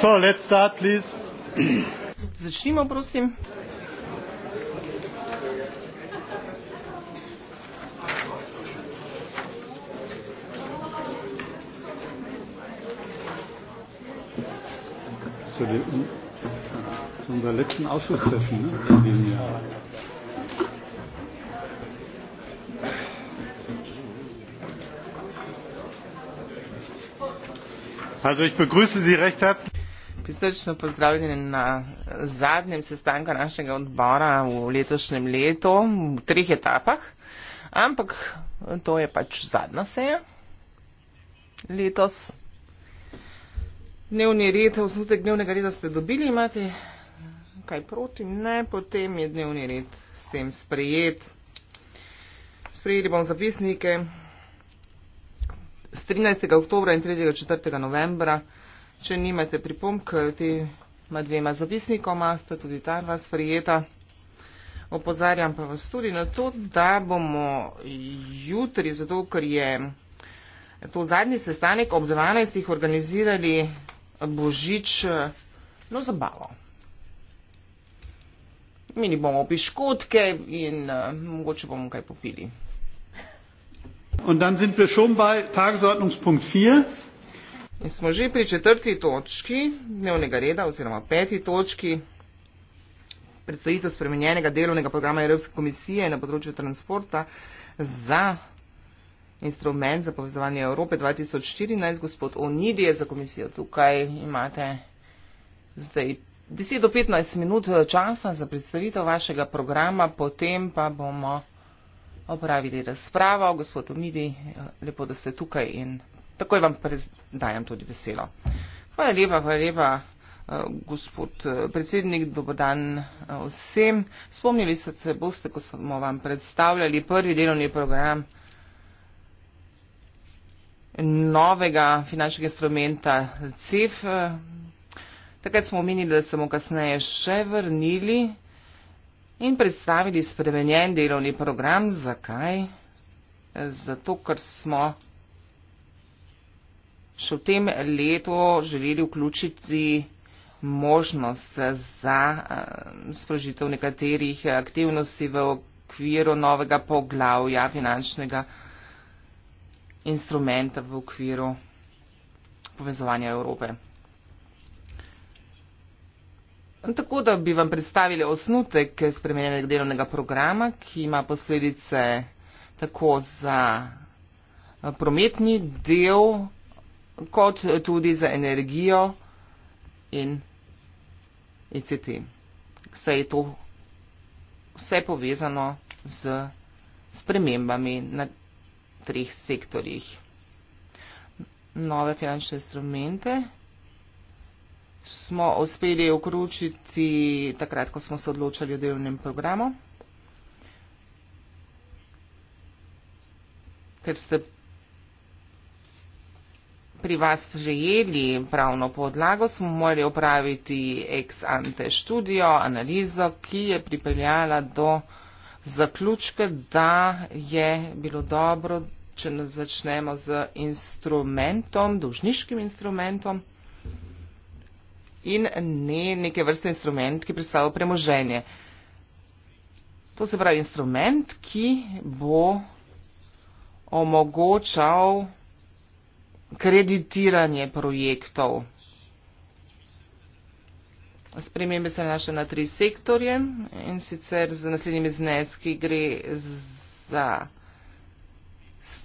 So, let's start, please. Začnimo, prosim. Zu dem, äh, zu unserer letzten Ausschusssession ne, in diesem Jahr. Also ich begrüße Sie recht herzlich. Srčno pozdravljeni na zadnjem sestanku našega odbora v letošnjem letu, v treh etapah. Ampak to je pač zadnja seja letos. Dnevni red, osnutek dnevnega reda ste dobili, imate kaj proti? Ne, potem je dnevni red s tem sprejet. Sprejeli bom zapisnike z 13. oktobra in 3. 4. novembra Če nimate pripomb k tema dvema zapisnikoma, sta tudi ta dva sprijeta. Opozarjam pa vas tudi na to, da bomo jutri, zato ker je to zadnji sestanek ob 12. organizirali božič eh, no, zabavo. Mini bomo piškotke in uh, mogoče bomo kaj popili. In potem smo že pri tagesordnungspunktu 4. In smo že pri četrti točki dnevnega reda oziroma peti točki predstavitev spremenjenega delovnega programa Evropske komisije na področju transporta za instrument za povezovanje Evrope 2014. Gospod Onidi je za komisijo tukaj. Imate zdaj 10 do 15 minut eh, časa za predstavitev vašega programa, potem pa bomo opravili razpravo. Gospod Onidi, eh, lepo, da ste tukaj in takoj vam predajam tudi veselo. Hvala lepa, hvala lepa, eh, gospod eh, predsednik, dobro dan eh, vsem. Spomnili so se boste, ko smo vam predstavljali prvi delovni program novega finančnega instrumenta CEF. Takrat smo omenili, da se bomo kasneje še vrnili in predstavili spremenjen delovni program. Zakaj? Zato, ker smo še v tem letu želeli vključiti možnost za eh, sprožitev nekaterih aktivnosti v okviru novega poglavja finančnega instrumenta v okviru povezovanja Evrope. Tako da bi vam predstavili osnutek spremenjenega delovnega programa, ki ima posledice tako za eh, prometni del, kot tudi za energijo in ICT. E vse je to vse povezano z spremembami na treh sektorjih. Nove finančne instrumente smo uspeli vključiti takrat, ko smo se odločali o delovnem programu. Ker ste pri vas prijeli pravno podlago, smo morali opraviti ex ante študijo, analizo, ki je pripeljala do zaključka, da je bilo dobro, če začnemo z instrumentom, dolžniškim instrumentom in ne neke vrste instrument, ki predstavlja premoženje. To se pravi instrument, ki bo omogočal kreditiranje projektov. Spremembe se nanašajo na tri sektorje in sicer z naslednjimi zneski gre za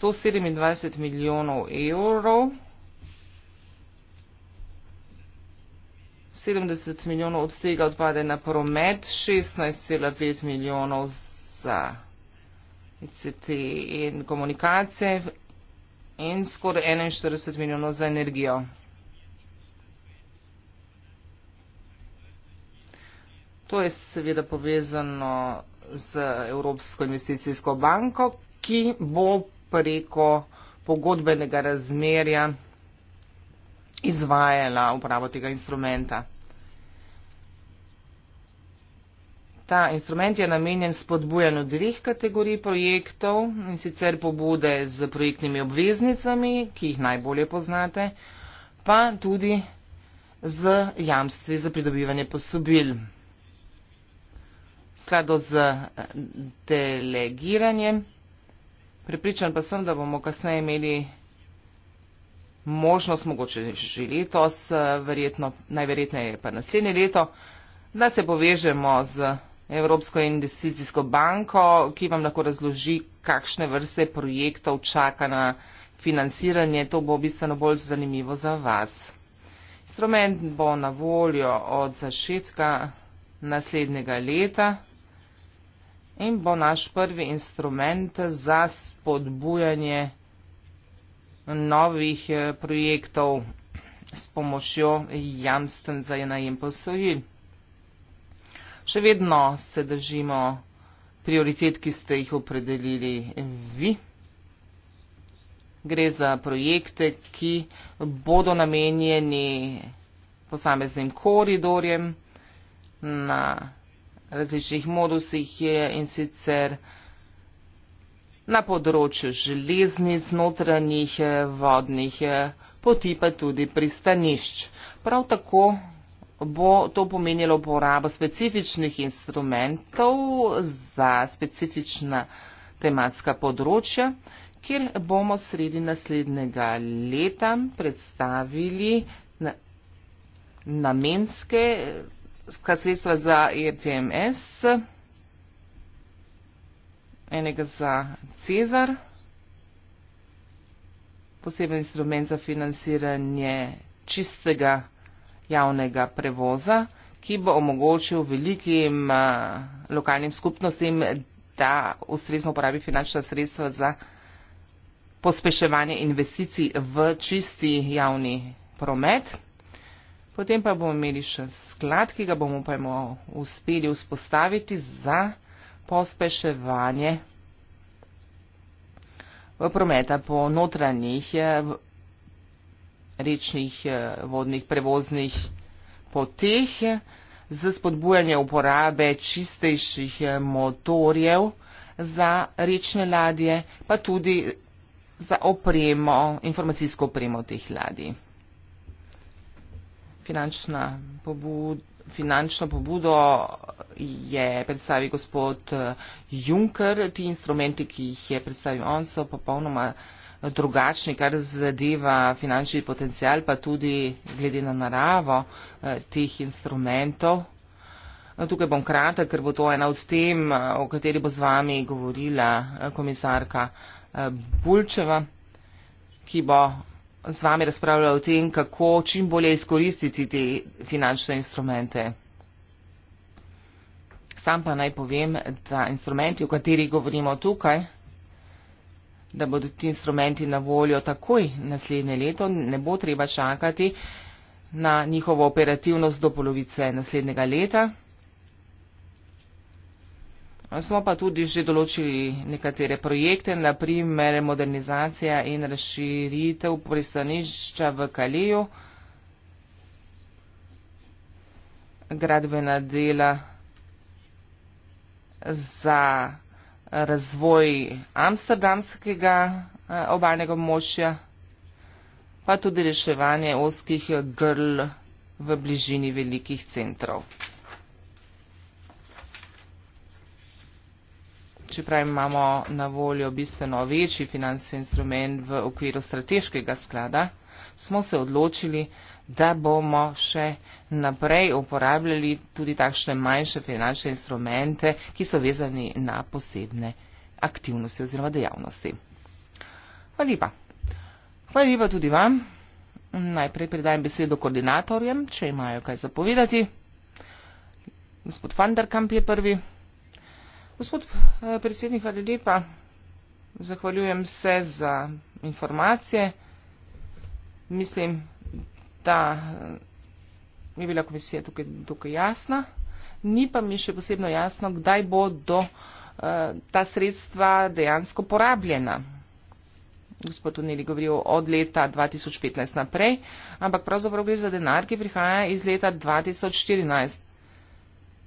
127 milijonov evrov, 70 milijonov od tega odpade na promet, 16,5 milijonov za ICT in komunikacije in skoraj 41 milijonov za energijo. To je seveda povezano z Evropsko investicijsko banko, ki bo preko pogodbenega razmerja izvajala upravo tega instrumenta. Ta instrument je namenjen spodbujanju dveh kategorij projektov in sicer pobude z projektnimi obveznicami, ki jih najbolje poznate, pa tudi z jamstvi za pridobivanje posobil. Sklado z eh, delegiranjem. Pripričan pa sem, da bomo kasneje imeli možnost, mogoče že letos, eh, verjetno, najverjetneje pa naslednje leto, da se povežemo z. Evropsko investicijsko banko, ki vam lahko razloži, kakšne vrste projektov čaka na financiranje. To bo bistveno bolj zanimivo za vas. Instrument bo na voljo od začetka naslednjega leta in bo naš prvi instrument za spodbujanje novih eh, projektov s pomočjo jamstven za najem posojil še vedno se držimo prioritet, ki ste jih opredelili vi. Gre za projekte, ki bodo namenjeni posameznim koridorjem na različnih modusih in sicer na področju železnic, notranjih eh, vodnih eh, poti, pa tudi pristanišč. Prav tako bo to pomenilo uporabo specifičnih instrumentov za specifična tematska področja, kjer bomo sredi naslednjega leta predstavili na, namenske sredstva za RTMS, e enega za Cezar, poseben instrument za financiranje čistega javnega prevoza, ki bo omogočil velikim eh, lokalnim skupnostim, da ustrezno uporabi finančna sredstva za pospeševanje investicij v čisti javni promet. Potem pa bomo imeli še sklad, ki ga bomo pa imamo uspeli vzpostaviti za pospeševanje v prometa po notranjih eh, rečnih eh, vodnih prevoznih poteh, z spodbujanje uporabe čistejših eh, motorjev za rečne ladje, pa tudi za opremo, informacijsko opremo teh ladij. Finančna pobud, finančno pobudo je predstavil gospod eh, Juncker. Ti instrumenti, ki jih je predstavil on, so popolnoma drugačni, kar zadeva finančni potencial, pa tudi glede na naravo eh, teh instrumentov. No, tukaj bom kratek, ker bo to ena od tem, eh, o kateri bo z vami govorila eh, komisarka Bulčeva, ki bo z vami razpravljala o tem, kako čim bolje izkoristiti te finančne instrumente. Sam pa naj povem, da instrumenti, o katerih govorimo tukaj, da bodo ti instrumenti na voljo takoj naslednje leto, ne bo treba čakati na njihovo operativnost do polovice naslednjega leta. Smo pa tudi že določili nekatere projekte, naprimer modernizacija in razširitev pristanišča v Kaliju, gradbena dela za razvoj amsterdamskega eh, obalnega območja, pa tudi reševanje oskih grl v bližini velikih centrov. Čeprav imamo na voljo bistveno večji finančni instrument v okviru strateškega sklada, smo se odločili, da bomo še naprej uporabljali tudi takšne manjše finančne instrumente, ki so vezani na posebne aktivnosti oziroma dejavnosti. Hvala lepa. Hvala lepa tudi vam. Najprej predajem besedo koordinatorjem, če imajo kaj zapovedati. Gospod Fandarkamp je prvi. Gospod eh, predsednik, hvala lepa. Zahvaljujem se za informacije mislim, da eh, je bila komisija tukaj dokaj jasna. Ni pa mi še posebno jasno, kdaj bo do eh, ta sredstva dejansko porabljena. Gospod Tuneli govori od leta 2015 naprej, ampak pravzaprav gre za denar, ki prihaja iz leta 2014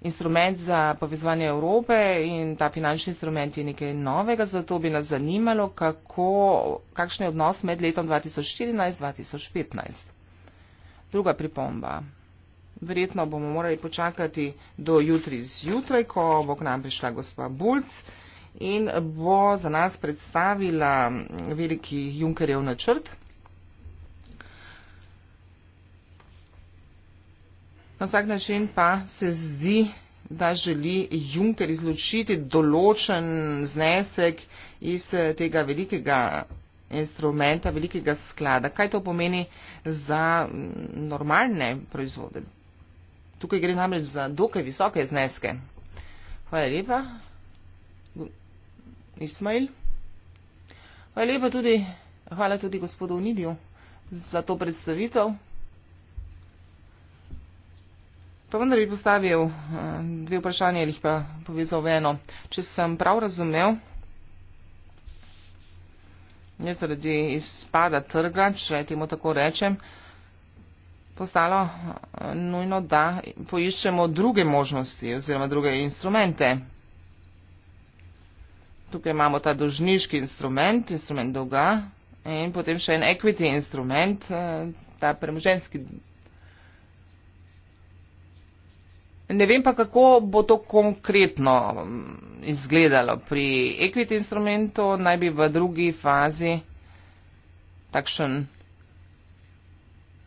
instrument za povezovanje Evrope in ta finančni instrument je nekaj novega, zato bi nas zanimalo, kako, kakšen je odnos med letom 2014-2015. Druga pripomba. Verjetno bomo morali počakati do jutri zjutraj, ko bo k nam prišla gospa Bulc in bo za nas predstavila veliki Junkerjev načrt. Na vsak način pa se zdi, da želi Juncker izločiti določen znesek iz eh, tega velikega instrumenta, velikega sklada. Kaj to pomeni za mm, normalne proizvode? Tukaj gre namreč za dokaj visoke zneske. Hvala lepa, Ismail. Hvala lepa tudi, hvala tudi gospodu Unidiju za to predstavitev. Pa vendar bi postavil eh, dve vprašanje ali jih pa povezal v eno. Če sem prav razumel, je zaradi izpada trga, če temu tako rečem, postalo eh, nujno, da poiščemo druge možnosti oziroma druge instrumente. Tukaj imamo ta dožniški instrument, instrument dolga in potem še en equity instrument, eh, ta premoženski Ne vem pa, kako bo to konkretno mm, izgledalo. Pri equity instrumentu naj bi v drugi fazi takšen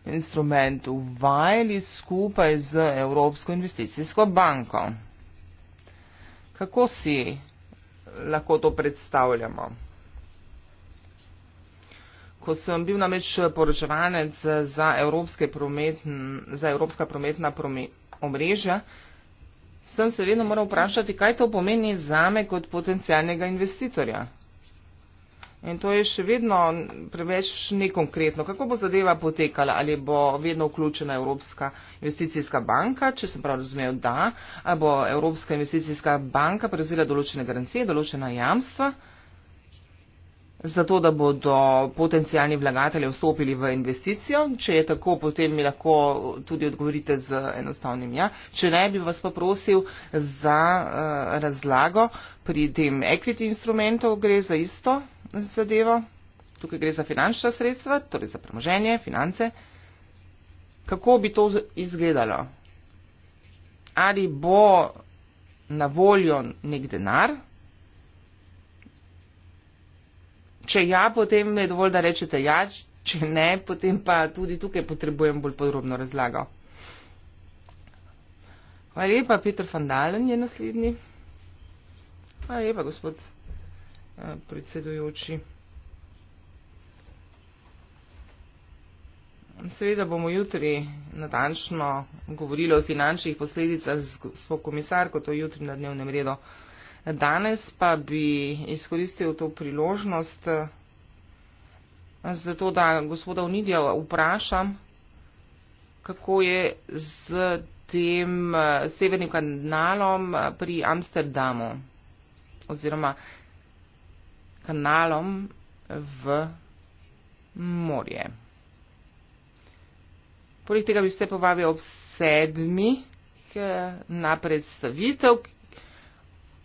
instrument uvajali skupaj z Evropsko investicijsko banko. Kako si lahko to predstavljamo? Ko sem bil namreč poročevanec za, prometn, za Evropska prometna prometna omrežja, sem se vedno moral vprašati, kaj to pomeni za me kot potencijalnega investitorja. In to je še vedno preveč nekonkretno. Kako bo zadeva potekala? Ali bo vedno vključena Evropska investicijska banka, če sem prav razumel, da, ali bo Evropska investicijska banka prevzela določene garancije, določena jamstva? Uh, zato da bodo potencijalni vlagatelji vstopili v investicijo. Če je tako, potem mi lahko tudi odgovorite z enostavnim ja. Če ne, bi vas pa prosil za uh, razlago pri tem equity instrumentu, gre za isto zadevo. Tukaj gre za finančna sredstva, torej za premoženje, finance. Kako bi to izgledalo? Ali bo na voljo nek denar? Če ja, potem je dovolj, da rečete jač, če ne, potem pa tudi tukaj potrebujem bolj podrobno razlago. Hvala lepa, Peter Fandalen je naslednji. Hvala lepa, gospod eh, predsedujoči. Seveda bomo jutri natančno govorili o finančnih posledicah, gospod komisar, ko to jutri na dnevnem redu. Danes pa bi izkoristil to priložnost, eh, zato da gospoda Unidija vprašam, kako je z tem eh, severnim kanalom eh, pri Amsterdamu oziroma kanalom v morje. Poleg tega bi se povabil ob sedmih na predstavitev,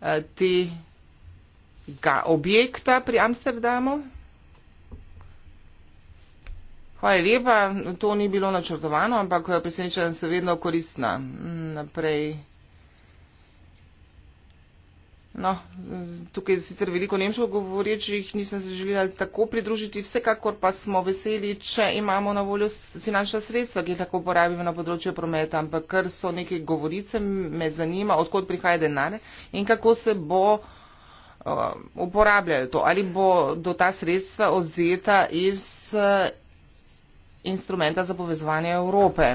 Eh, tega objekta pri Amsterdamu. Hvala lepa, to ni bilo načrtovano, ampak eh, presenečenja so vedno koristna. Mm, naprej. No, tukaj je sicer veliko nemško govorečih, nisem se želela tako pridružiti, vsekakor pa smo veseli, če imamo na voljo finančna sredstva, ki jih lahko uporabimo na področju prometa, ampak ker so neke govorice, me zanima, odkot prihaja denar in kako se bo uh, uporabljalo to, ali bo do ta sredstva odzeta iz uh, instrumenta za povezovanje Evrope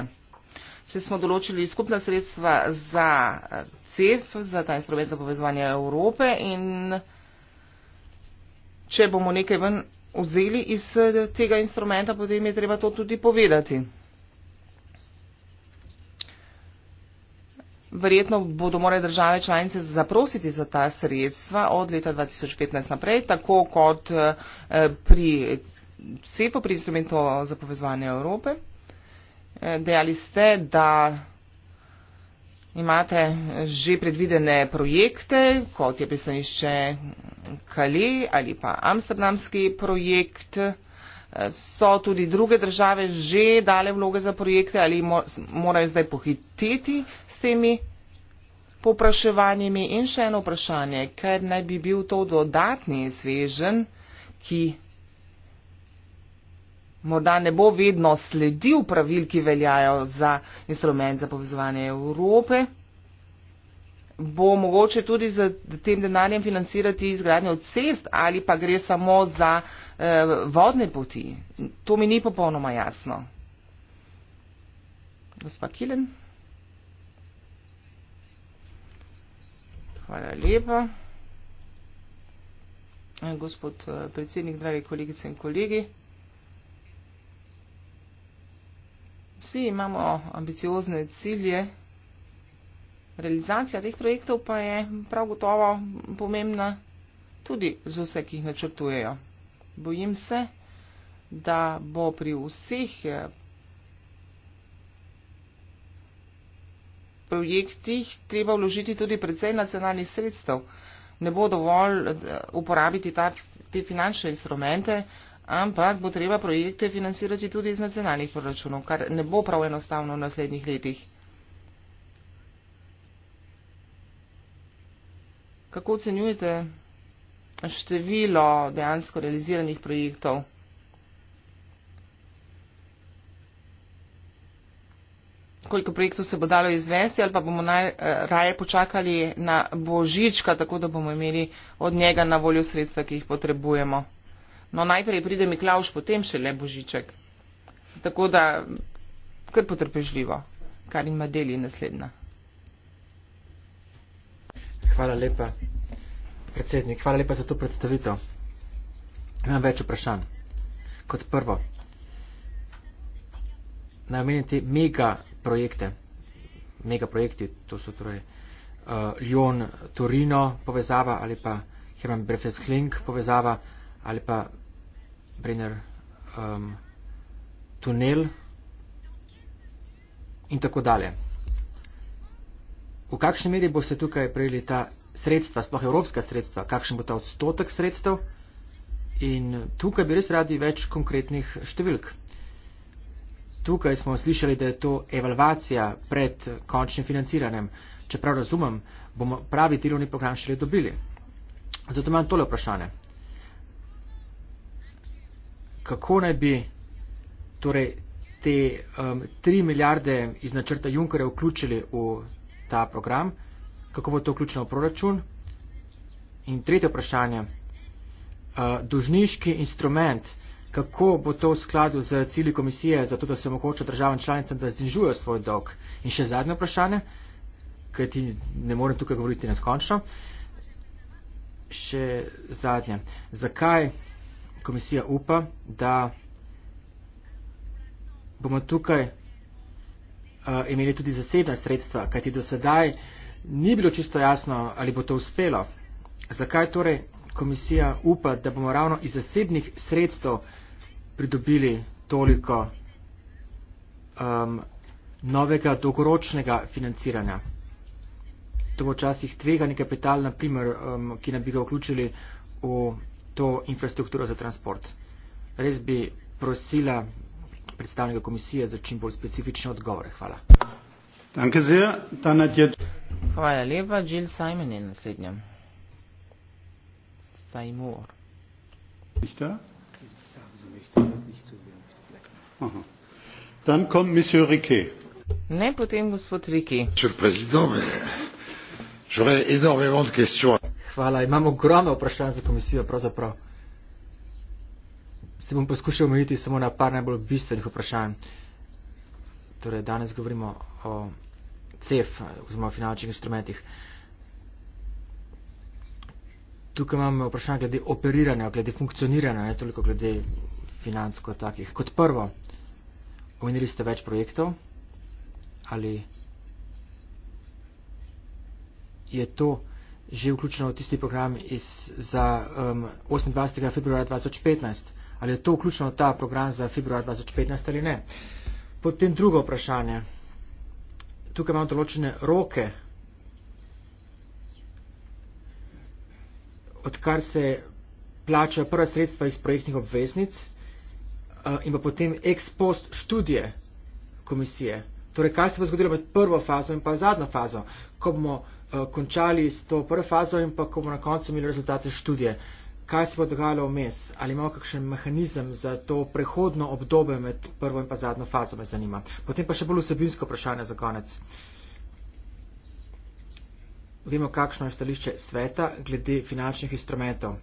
se smo določili skupna sredstva za eh, CEF, za ta instrument za povezovanje Evrope in če bomo nekaj ven vzeli iz eh, tega instrumenta, potem je treba to tudi povedati. Verjetno bodo morali države članice zaprositi za ta sredstva od leta 2015 naprej, tako kot eh, pri CEPO, pri instrumentu za povezovanje Evrope. Dejali ste, da imate že predvidene projekte, kot je pisanišče Kali ali pa amsterdamski projekt. So tudi druge države že dale vloge za projekte ali morajo zdaj pohititi s temi popraševanjimi? In še eno vprašanje, ker naj bi bil to dodatni svežen, ki morda ne bo vedno sledil pravil, ki veljajo za instrument za povezovanje Evrope, bo mogoče tudi z tem denarjem financirati izgradnjo cest ali pa gre samo za eh, vodne poti. To mi ni popolnoma jasno. Gospa Kilen. Hvala lepa. Eh, gospod eh, predsednik, dragi kolegice in kolegi. Vsi imamo ambiciozne cilje, realizacija teh projektov pa je prav gotovo pomembna tudi za vse, ki jih načrtujejo. Bojim se, da bo pri vseh eh, projektih treba vložiti tudi predvsej nacionalnih sredstev. Ne bo dovolj eh, uporabiti ta, te finančne instrumente, ampak bo treba projekte financirati tudi iz nacionalnih proračunov, kar ne bo prav enostavno v naslednjih letih. Kako ocenjujete število dejansko realiziranih projektov? Koliko projektov se bo dalo izvesti ali pa bomo najraje počakali na božička, tako da bomo imeli od njega na voljo sredstva, ki jih potrebujemo? No, najprej pride Miklauš, potem še le Božiček. Tako da, kar potrpežljivo, kar ima deli naslednja. Hvala lepa, predsednik. Hvala lepa za to predstavitev. Imam več vprašanj. Kot prvo, naj omenim te mega projekte. Mega projekti, to so torej uh, eh, Lyon-Torino povezava ali pa Herman Brefes-Klink povezava ali pa Brenner um, tunel in tako dalje. V kakšni meri boste tukaj prejeli ta sredstva, sploh evropska sredstva, kakšen bo ta odstotek sredstev in tukaj bi res radi več konkretnih številk. Tukaj smo slišali, da je to evalvacija pred končnim financiranjem. Če prav razumem, bomo pravi delovni program šele dobili. Zato imam tole vprašanje kako naj bi torej, te um, 3 milijarde iz načrta Junkerja vključili v ta program, kako bo to vključeno v proračun. In tretje vprašanje, uh, dožniški instrument, kako bo to v skladu z cilji komisije, zato da se omogoča državam članicam, da znižujejo svoj dolg. In še zadnje vprašanje, ker ti ne morem tukaj govoriti neskončno. Še zadnje. Zakaj komisija upa, da bomo tukaj uh, imeli tudi zasebna sredstva, kajti do sedaj ni bilo čisto jasno, ali bo to uspelo. Zakaj torej komisija upa, da bomo ravno iz zasebnih sredstev pridobili toliko um, novega dolgoročnega financiranja? To bo včasih tveganje kapital, naprimer, um, ehm, ki nam bi ga vključili v to infrastrukturo za transport. Res bi prosila predstavnika komisije za čim bolj specifične odgovore. Hvala. Hvala lepa. Jill Simon je naslednja. Simor. Ne, potem gospod Riki. Predsednik, imam veliko vprašanj. Hvala. Imam ogromno vprašanj za komisijo, pravzaprav. Se bom poskušal omejiti samo na par najbolj bistvenih vprašanj. Torej, danes govorimo o CEF oziroma finančnih instrumentih. Tukaj imam vprašanje glede operiranja, glede funkcioniranja, ne toliko glede financ kot takih. Kot prvo, omenili ste več projektov ali je to že vključeno v tisti program iz, za um, 28. februarja 2015. Ali je to vključeno v ta program za februar 2015 ali ne? Potem drugo vprašanje. Tukaj imamo določene roke, odkar se plačajo prva sredstva iz projektnih obveznic uh, in pa potem ex post študije komisije. Torej, kaj se bo zgodilo med prvo fazo in pa zadnjo fazo, ko bomo Eh, končali s to prvo fazo in pa ko bomo na koncu imeli rezultate študije. Kaj se bo dogajalo vmes? Ali imamo kakšen mehanizem za to prehodno obdobje med prvo in pa zadnjo fazo, me zanima. Potem pa še bolj vsebinsko vprašanje za konec. Vemo, kakšno je stališče sveta glede finančnih instrumentov.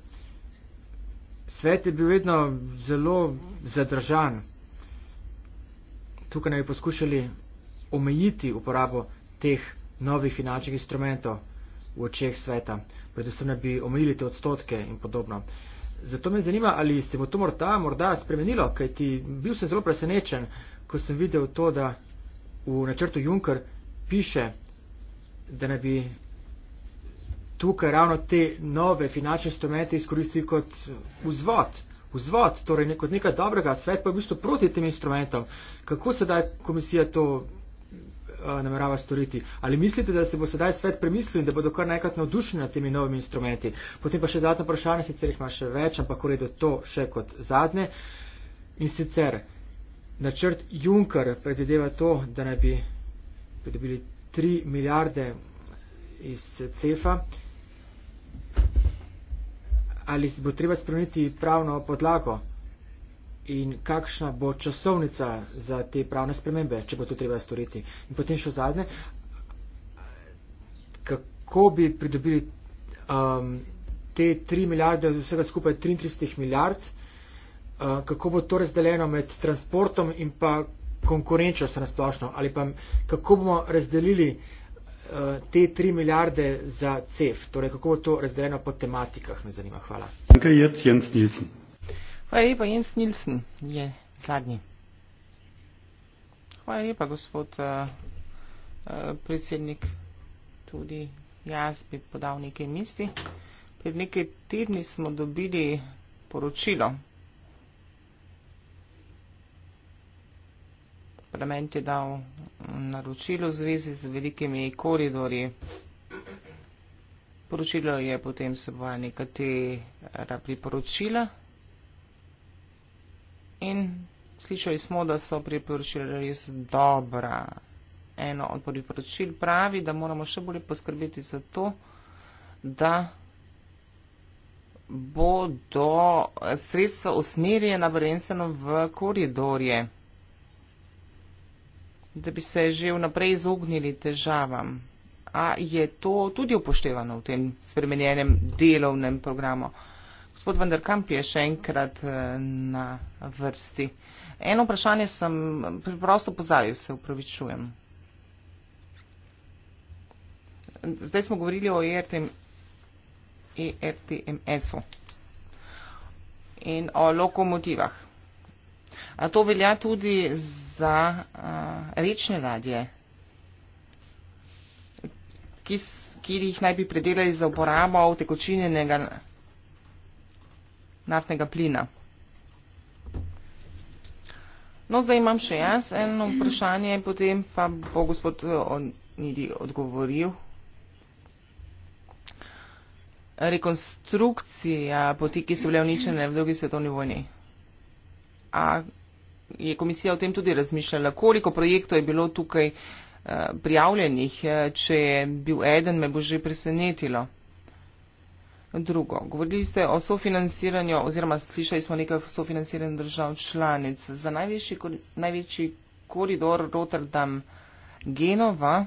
Svet je bil vedno zelo zadržan. Tukaj naj bi poskušali omejiti uporabo teh instrumentov novih finančnih instrumentov v očeh sveta, predvsem da bi omejili te odstotke in podobno. Zato me zanima, ali se bo to morda, morda spremenilo, kajti bil sem zelo presenečen, ko sem videl to, da v načrtu Juncker piše, da ne bi tukaj ravno te nove finančne instrumente izkoristili kot vzvod, vzvod, torej kot nekaj dobrega, svet pa je v bistvu proti tem instrumentom. Kako se da komisija to Eh, namerava storiti. Ali mislite, da se bo sedaj svet premislil in da bodo kar nekrat navdušeni nad temi novimi instrumenti? Potem pa še zadnje vprašanje, sicer jih ima še več, ampak uredo to še kot zadnje. In sicer načrt Juncker predvideva to, da naj bi pridobili 3 milijarde iz CEFA. Ali bo treba spremeniti pravno podlago? in kakšna bo časovnica za te pravne spremembe, če bo to treba storiti. In potem še zadnje, kako bi pridobili um, te 3 milijarde, vsega skupaj 33 milijard, uh, kako bo to razdeljeno med transportom in pa konkurenčnost na splošno, ali pa kako bomo razdelili uh, te tri milijarde za CEF, torej kako bo to razdeljeno po tematikah, me zanima. Hvala. Okay, jetzt, jetzt, jetzt. Hvala lepa, Jens Nilsen je zadnji. Hvala lepa, gospod uh, uh, predsednik. Tudi jaz bi podal nekaj misli. Pred nekaj tedni smo dobili poročilo. Parlament je dal naročilo v zvezi z velikimi koridori. Poročilo je potem seboj nekatera priporočila. In slišali smo, da so priporočila res dobra. Eno od priporočil pravi, da moramo še bolje poskrbeti za to, da bodo sredstva usmerjena prvenstveno v koridorje, da bi se že vnaprej izognili težavam. A je to tudi upoštevano v tem spremenjenem delovnem programu? Gospod Vanderkamp je še enkrat eh, na vrsti. Eno vprašanje sem preprosto pozabil, se upravičujem. Zdaj smo govorili o ERTMS-u e in o lokomotivah. A to velja tudi za a, eh, rečne ladje, ki, ki jih naj bi predelali za uporabo tekočinjenega naftnega plina. No, zdaj imam še jaz eno vprašanje, potem pa bo gospod eh, Nidi odgovoril. Rekonstrukcija poti, ki so bile uničene v drugi svetovni vojni. A je komisija o tem tudi razmišljala, koliko projektov je bilo tukaj eh, prijavljenih, eh, če je bil eden, me bo že presenetilo drugo. Govorili ste o sofinanciranju oziroma slišali smo nekaj o sofinanciranju držav članic. Za najvišji, največji koridor Rotterdam-Genova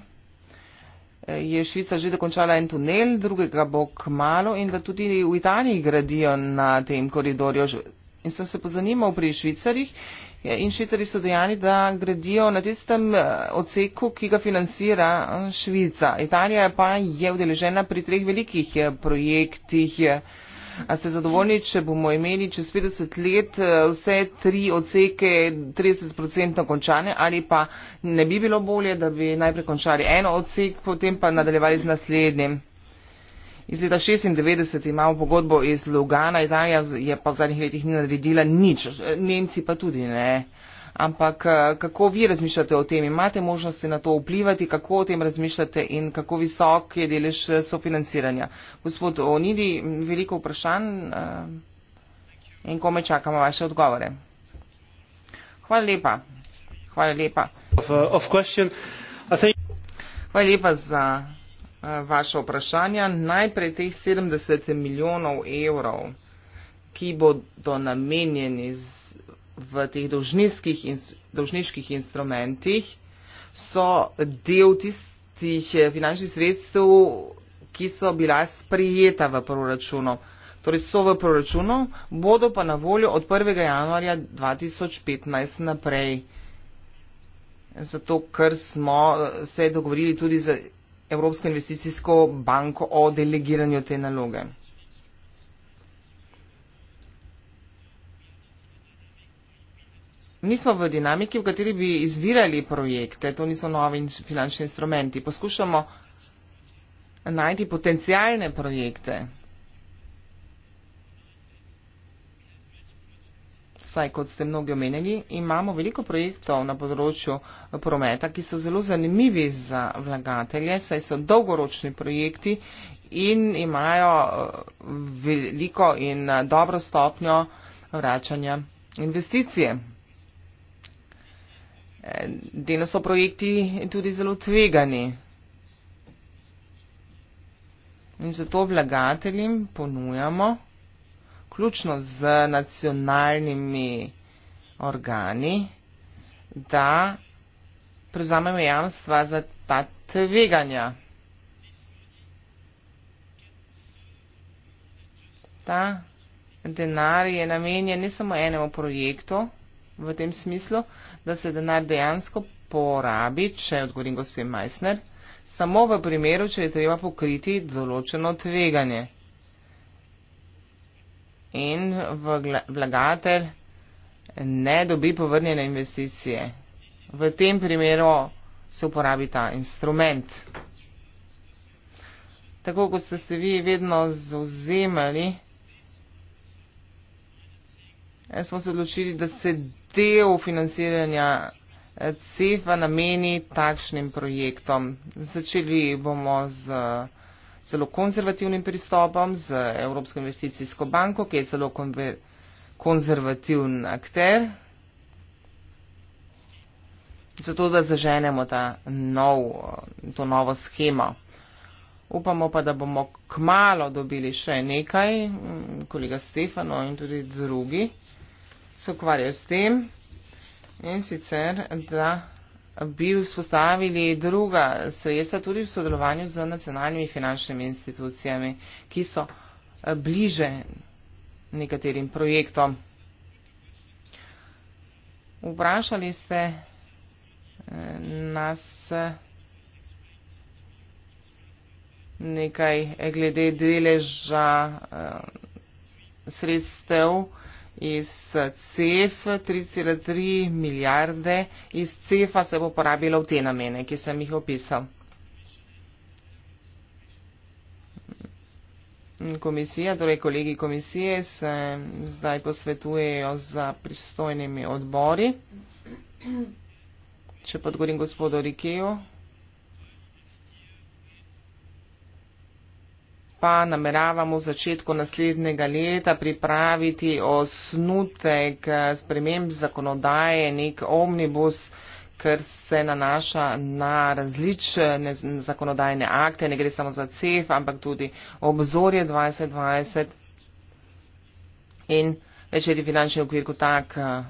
eh, je Švica že dokončala en tunel, drugega bo kmalo in da tudi v Italiji gradijo na tem koridorju. In sem se pozanimal pri Švicarjih, in švicari so dejali, da gradijo na tistem eh, odseku, ki ga financira eh, Švica. Italija pa je vdeležena pri treh velikih eh, projektih. A ste zadovoljni, če bomo imeli čez 50 let vse tri odseke 30% končane ali pa ne bi bilo bolje, da bi najprej končali en odsek, potem pa nadaljevali z naslednjim? iz leta 96 ima pogodbo iz Lugana, Italija je pa v zadnjih letih ni naredila nič, Nemci pa tudi ne. Ampak eh, kako vi razmišljate o tem, imate možnosti na to vplivati, kako o tem razmišljate in kako visok je delež eh, sofinanciranja? Gospod Onidi, veliko vprašanj eh, in kome čakamo vaše odgovore. Hvala lepa. Hvala lepa. Of, uh, of Hvala lepa za Eh, vaše vprašanje. Najprej teh 70 milijonov evrov, ki bodo namenjeni v teh dolžniških, dolžniških instrumentih, so del tistih eh, finančnih sredstev, ki so bila sprijeta v proračunu. Torej so v proračunu, bodo pa na voljo od 1. januarja 2015 naprej. Zato, ker smo eh, se dogovorili tudi za Evropsko investicijsko banko o delegiranju te naloge. Mi smo v dinamiki, v kateri bi izvirali projekte, to niso novi finančni instrumenti. Poskušamo najti potencijalne projekte, saj kot ste mnogi omenili, imamo veliko projektov na področju prometa, ki so zelo zanimivi za vlagatelje, saj so dolgoročni projekti in imajo eh, veliko in eh, dobro stopnjo vračanja investicije. Eh, delno so projekti tudi zelo tvegani. In zato vlagateljem ponujamo vključno z nacionalnimi organi, da prevzamemo jamstva za ta tveganja. Ta denar je namenjen ne samo enemu projektu v tem smislu, da se denar dejansko porabi, če odgovorim gospe Meissner, samo v primeru, če je treba pokriti določeno tveganje in vlagatelj ne dobi povrnjene investicije. V tem primeru se uporabi ta instrument. Tako kot ste se vi vedno zauzemali, smo se odločili, da se del financiranja eh, CEFA nameni takšnim projektom. Začeli bomo z zelo konzervativnim pristopom, z Evropsko investicijsko banko, ki je zelo konzervativen akter, zato da zaženemo nov, to novo schemo. Upamo pa, da bomo kmalo dobili še nekaj, mm, kolega Stefano in tudi drugi se ukvarjajo s tem in sicer, da bi vzpostavili druga sredstva tudi v sodelovanju z nacionalnimi finančnimi institucijami, ki so eh, bliže nekaterim projektom. Vprašali ste eh, nas eh, nekaj glede deleža sredstev, iz e CEF 3,3 milijarde, iz CEF-a se bo porabilo v te namene, ki sem jih opisal. Komisija, torej kolegi komisije se zdaj posvetujejo za pristojnimi odbori. Če podgorim gospodo Rikejo, pa nameravamo v začetku naslednjega leta pripraviti osnutek eh, sprememb zakonodaje, nek omnibus, ker se nanaša na različne zakonodajne akte, ne gre samo za CEF, ampak tudi obzorje 2020 in večeri finančni okvir kot tak. Eh,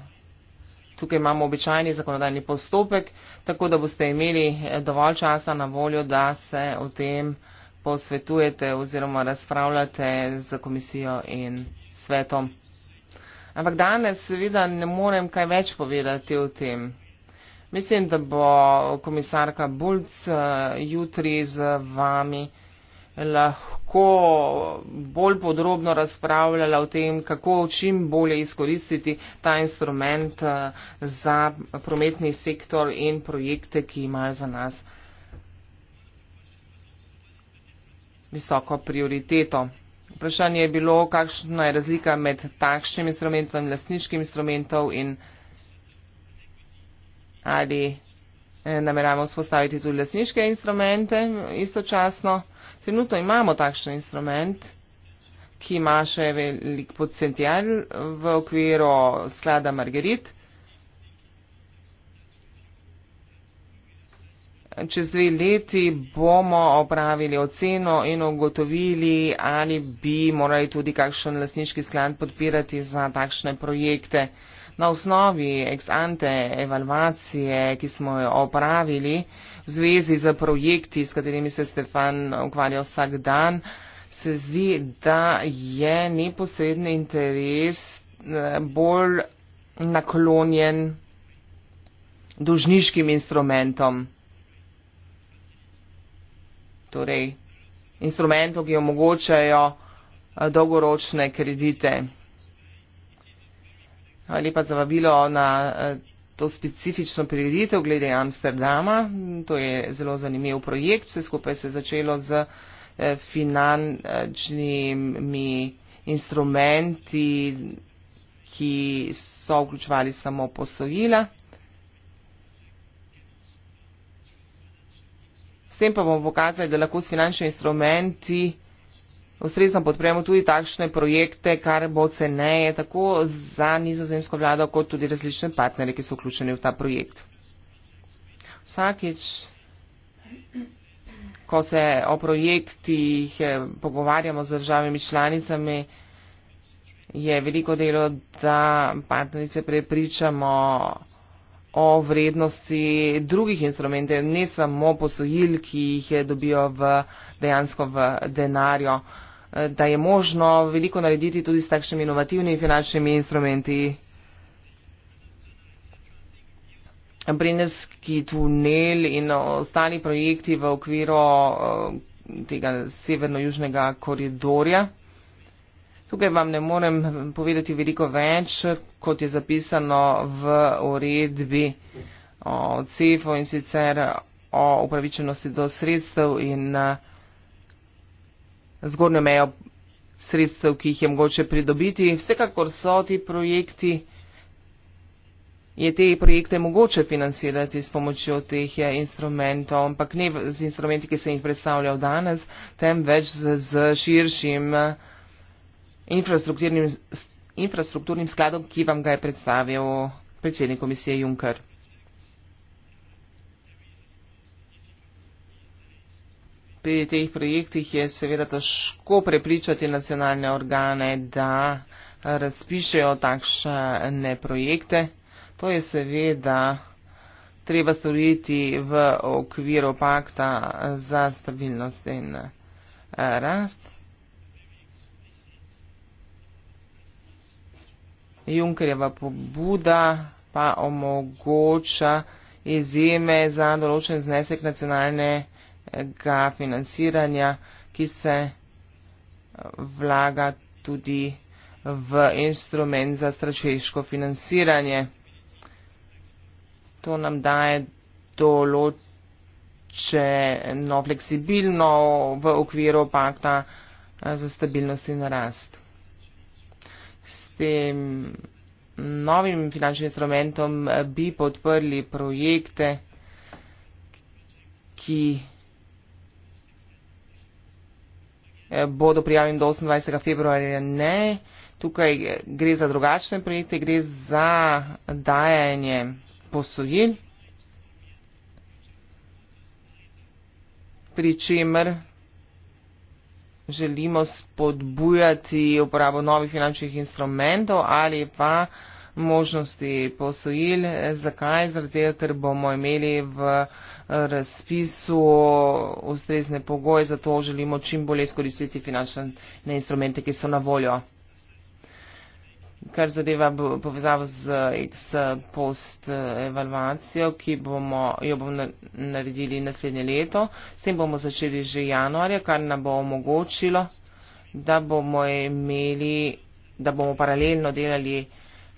tukaj imamo običajni zakonodajni postopek, tako da boste imeli eh, dovolj časa na voljo, da se o tem posvetujete oziroma razpravljate z komisijo in svetom. Ampak danes seveda ne morem kaj več povedati o tem. Mislim, da bo komisarka Bulc eh, jutri z vami lahko bolj podrobno razpravljala o tem, kako čim bolje izkoristiti ta instrument eh, za prometni sektor in projekte, ki imajo za nas visoko prioriteto. Vprašanje je bilo, kakšna je razlika med takšnim instrumentom in lasniškim instrumentom in ali eh, nameravamo spostaviti tudi lasniške instrumente istočasno. Trenutno imamo takšen instrument, ki ima še velik potencijal v okviru sklada Margarit. čez dve leti bomo opravili oceno in ugotovili, ali bi morali tudi kakšen lasniški sklad podpirati za takšne projekte. Na osnovi ex ante evalvacije, ki smo jo opravili v zvezi z projekti, s katerimi se Stefan ukvarja vsak dan, se zdi, da je neposredni interes eh, bolj naklonjen dožniškim instrumentom torej instrumentov, ki omogočajo eh, dolgoročne kredite. Lepa zavabilo na eh, to specifično prireditev glede Amsterdama. To je zelo zanimiv projekt. Vse skupaj se je začelo z eh, finančnimi instrumenti, ki so vključovali samo posojila. S tem pa bomo pokazali, da lahko s finančnimi instrumenti ustrezno podpremo tudi takšne projekte, kar bo ceneje tako za nizozemsko vlado, kot tudi različne partnere, ki so vključeni v ta projekt. Vsakič, ko se o projektih eh, pogovarjamo z državami članicami, je veliko delo, da partnerice prepričamo o vrednosti drugih instrumentov, ne samo posojil, ki jih eh, dobijo v, dejansko v denarju, eh, da je možno veliko narediti tudi s takšnimi inovativnimi finančnimi instrumenti. Brinerski tunel in ostali projekti v okviru eh, tega severno-južnega koridorja. Tukaj vam ne morem povedati veliko več, kot je zapisano v uredbi o CEFO in sicer o upravičenosti do sredstev in eh, zgornjo mejo sredstev, ki jih je mogoče pridobiti. Vsekakor so ti projekti, je te projekte mogoče financirati s pomočjo teh eh, instrumentov, ampak ne z instrumenti, ki sem jih predstavljal danes, temveč z, z širšim. Eh, infrastrukturnim, infrastrukturnim skladom, ki vam ga je predstavil predsednik komisije Juncker. Pri teh projektih je seveda težko prepričati nacionalne organe, da razpišejo takšne projekte. To je seveda treba storiti v okviru pakta za stabilnost in eh, rast. Junkerjeva pobuda pa omogoča izjeme za določen znesek nacionalnega financiranja, ki se eh, vlaga tudi v instrument za strateško financiranje. To nam daje določeno fleksibilno v okviru pakta eh, za stabilnost in rast s tem novim finančnim instrumentom eh, bi podprli projekte, ki eh, bodo prijavljeni do 28. februarja. Ne, tukaj eh, gre za drugačne projekte, gre za dajanje posojil, pri čemer želimo spodbujati uporabo novih finančnih instrumentov ali pa možnosti posojil. Zakaj? Zato, ker bomo imeli v razpisu ustrezne pogoje, zato želimo čim bolje skoristiti finančne instrumente, ki so na voljo kar zadeva povezavo z, z post-evalvacijo, ki bomo, jo bomo naredili naslednje leto. S tem bomo začeli že januarja, kar nam bo omogočilo, da bomo, imeli, da bomo paralelno delali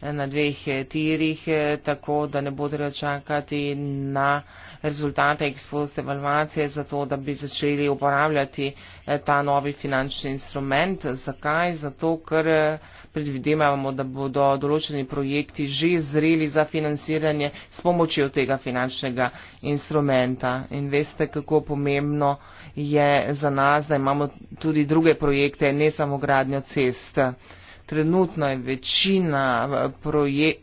na dveh eh, tirih, eh, tako da ne bodo treba čakati na rezultate ekspost evalvacije, zato da bi začeli uporabljati eh, ta novi finančni instrument. Zakaj? Zato, ker predvidevamo, da bodo določeni projekti že zreli za financiranje s pomočjo tega finančnega instrumenta. In veste, kako pomembno je za nas, da imamo tudi druge projekte, ne samo gradnjo cest. Trenutno je, večina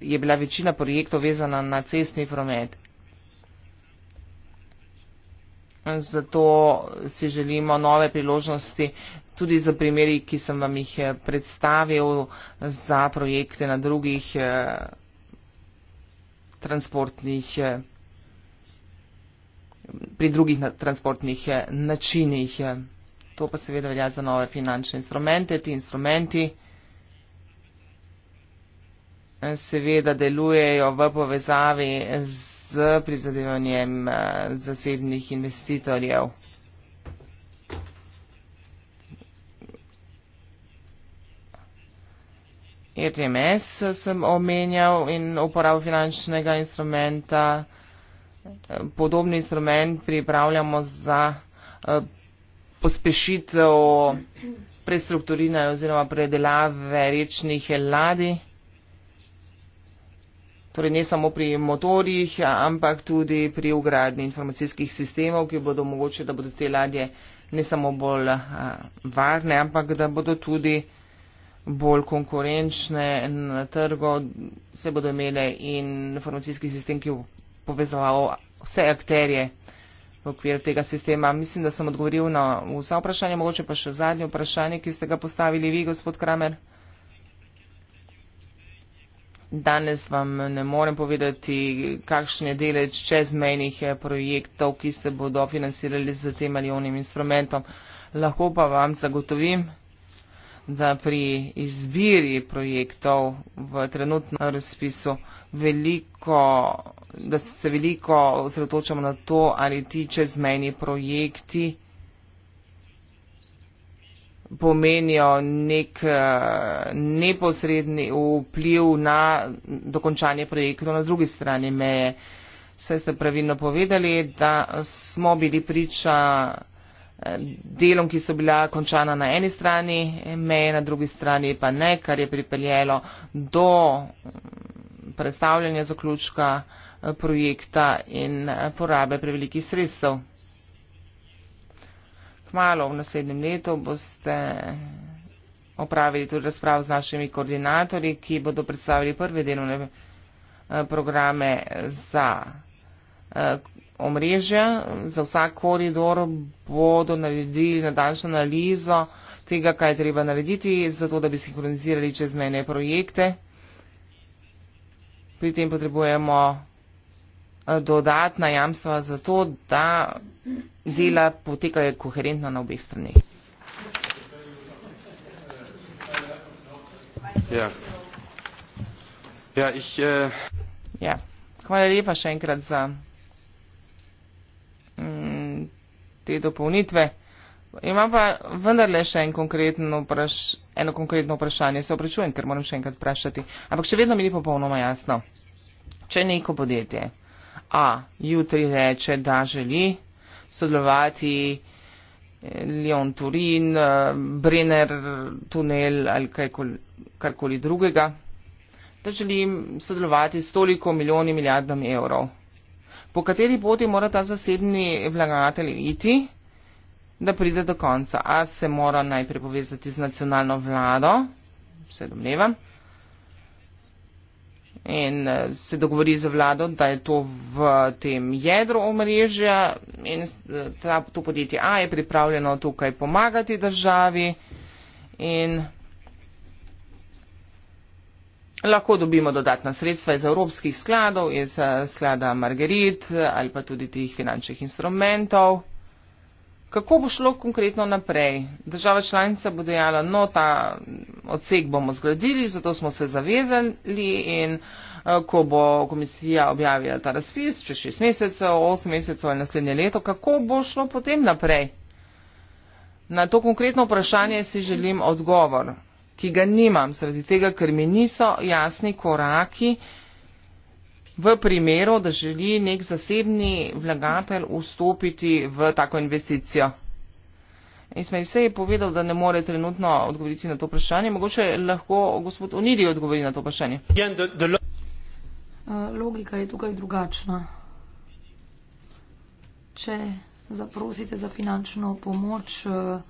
je bila večina projektov vezana na cestni promet. Zato si želimo nove priložnosti tudi za primeri, ki sem vam jih eh, predstavil, za projekte na drugih eh, transportnih, eh, pri drugih transportnih načinih. To pa seveda velja za nove finančne instrumente. Ti instrumenti seveda delujejo v povezavi z prizadevanjem zasebnih investitorjev. ETMS sem omenjal in uporabo finančnega instrumenta. Podobni instrument pripravljamo za eh, pospešitev prestrukturina oziroma predelave rečnih ladi. Torej ne samo pri motorjih, ampak tudi pri ugradni informacijskih sistemov, ki bodo omogočili, da bodo te ladje ne samo bolj eh, varne, ampak da bodo tudi bolj konkurenčne na trgu, se bodo imele in informacijski sistem, ki bo povezoval vse akterje v okviru tega sistema. Mislim, da sem odgovoril na vsa vprašanja, mogoče pa še zadnje vprašanje, ki ste ga postavili vi, gospod Kramer. Danes vam ne morem povedati, kakšen je delež čezmejnih eh, projektov, ki se bodo financirali z tem ali onim instrumentom. Lahko pa vam zagotovim, da pri izbiri projektov v trenutnem razpisu veliko, da se veliko osredotočamo na to, ali ti čezmeni projekti pomenijo nek eh, neposredni vpliv na dokončanje projektov na drugi strani meje. Saj ste pravilno povedali, da smo bili priča delom, ki so bila končana na eni strani meje, na drugi strani pa ne, kar je pripeljalo do mm, predstavljanja zaključka eh, projekta in eh, porabe prevelikih sredstev. Kmalo v naslednjem letu boste opravili tudi razpravo z našimi koordinatorji, ki bodo predstavili prve delovne eh, programe za omrežja, za vsak koridor bodo naredili nadaljšo analizo tega, kaj je treba narediti, zato da bi sinhronizirali čezmene projekte. Pri tem potrebujemo eh, dodatna jamstva za to, da dela potekajo koherentno na obeh stranih. Ja. Ja, ich, uh... ja. Hvala lepa še enkrat za. Mm, te dopolnitve. Imam pa vendarle še en konkreten vpraš, eno konkretno vprašanje, se opravičujem, ker moram še enkrat vprašati, ampak še vedno mi ni popolnoma jasno. Če neko podjetje A jutri reče, da želi sodelovati eh, Lyon Turin, eh, Brenner tunel ali karkoli drugega, da želim sodelovati s toliko milijoni milijardami evrov po kateri poti mora ta zasebni vlagatelj iti, da pride do konca. A se mora najprej povezati z nacionalno vlado, vse domnevam, in eh, se dogovori z vlado, da je to v tem jedru omrežja in eh, ta, to podjetje A je pripravljeno tukaj pomagati državi. In lahko dobimo dodatna sredstva iz evropskih skladov, iz eh, sklada Margerit eh, ali pa tudi tih finančnih instrumentov. Kako bo šlo konkretno naprej? Država članica bo dejala, no, ta mm, odsek bomo zgradili, zato smo se zavezali in eh, ko bo komisija objavila ta razpis, čez šest mesecev, osem mesecev ali naslednje leto, kako bo šlo potem naprej? Na to konkretno vprašanje si želim odgovor ki ga nimam, zaradi tega, ker mi niso jasni koraki v primeru, da želi nek zasebni vlagatelj vstopiti v tako investicijo. In smo vse povedal, da ne more trenutno odgovoriti na to vprašanje. Mogoče lahko gospod Onidi odgovori na to vprašanje. Eh, logika je tukaj drugačna. Če zaprosite za finančno pomoč eh,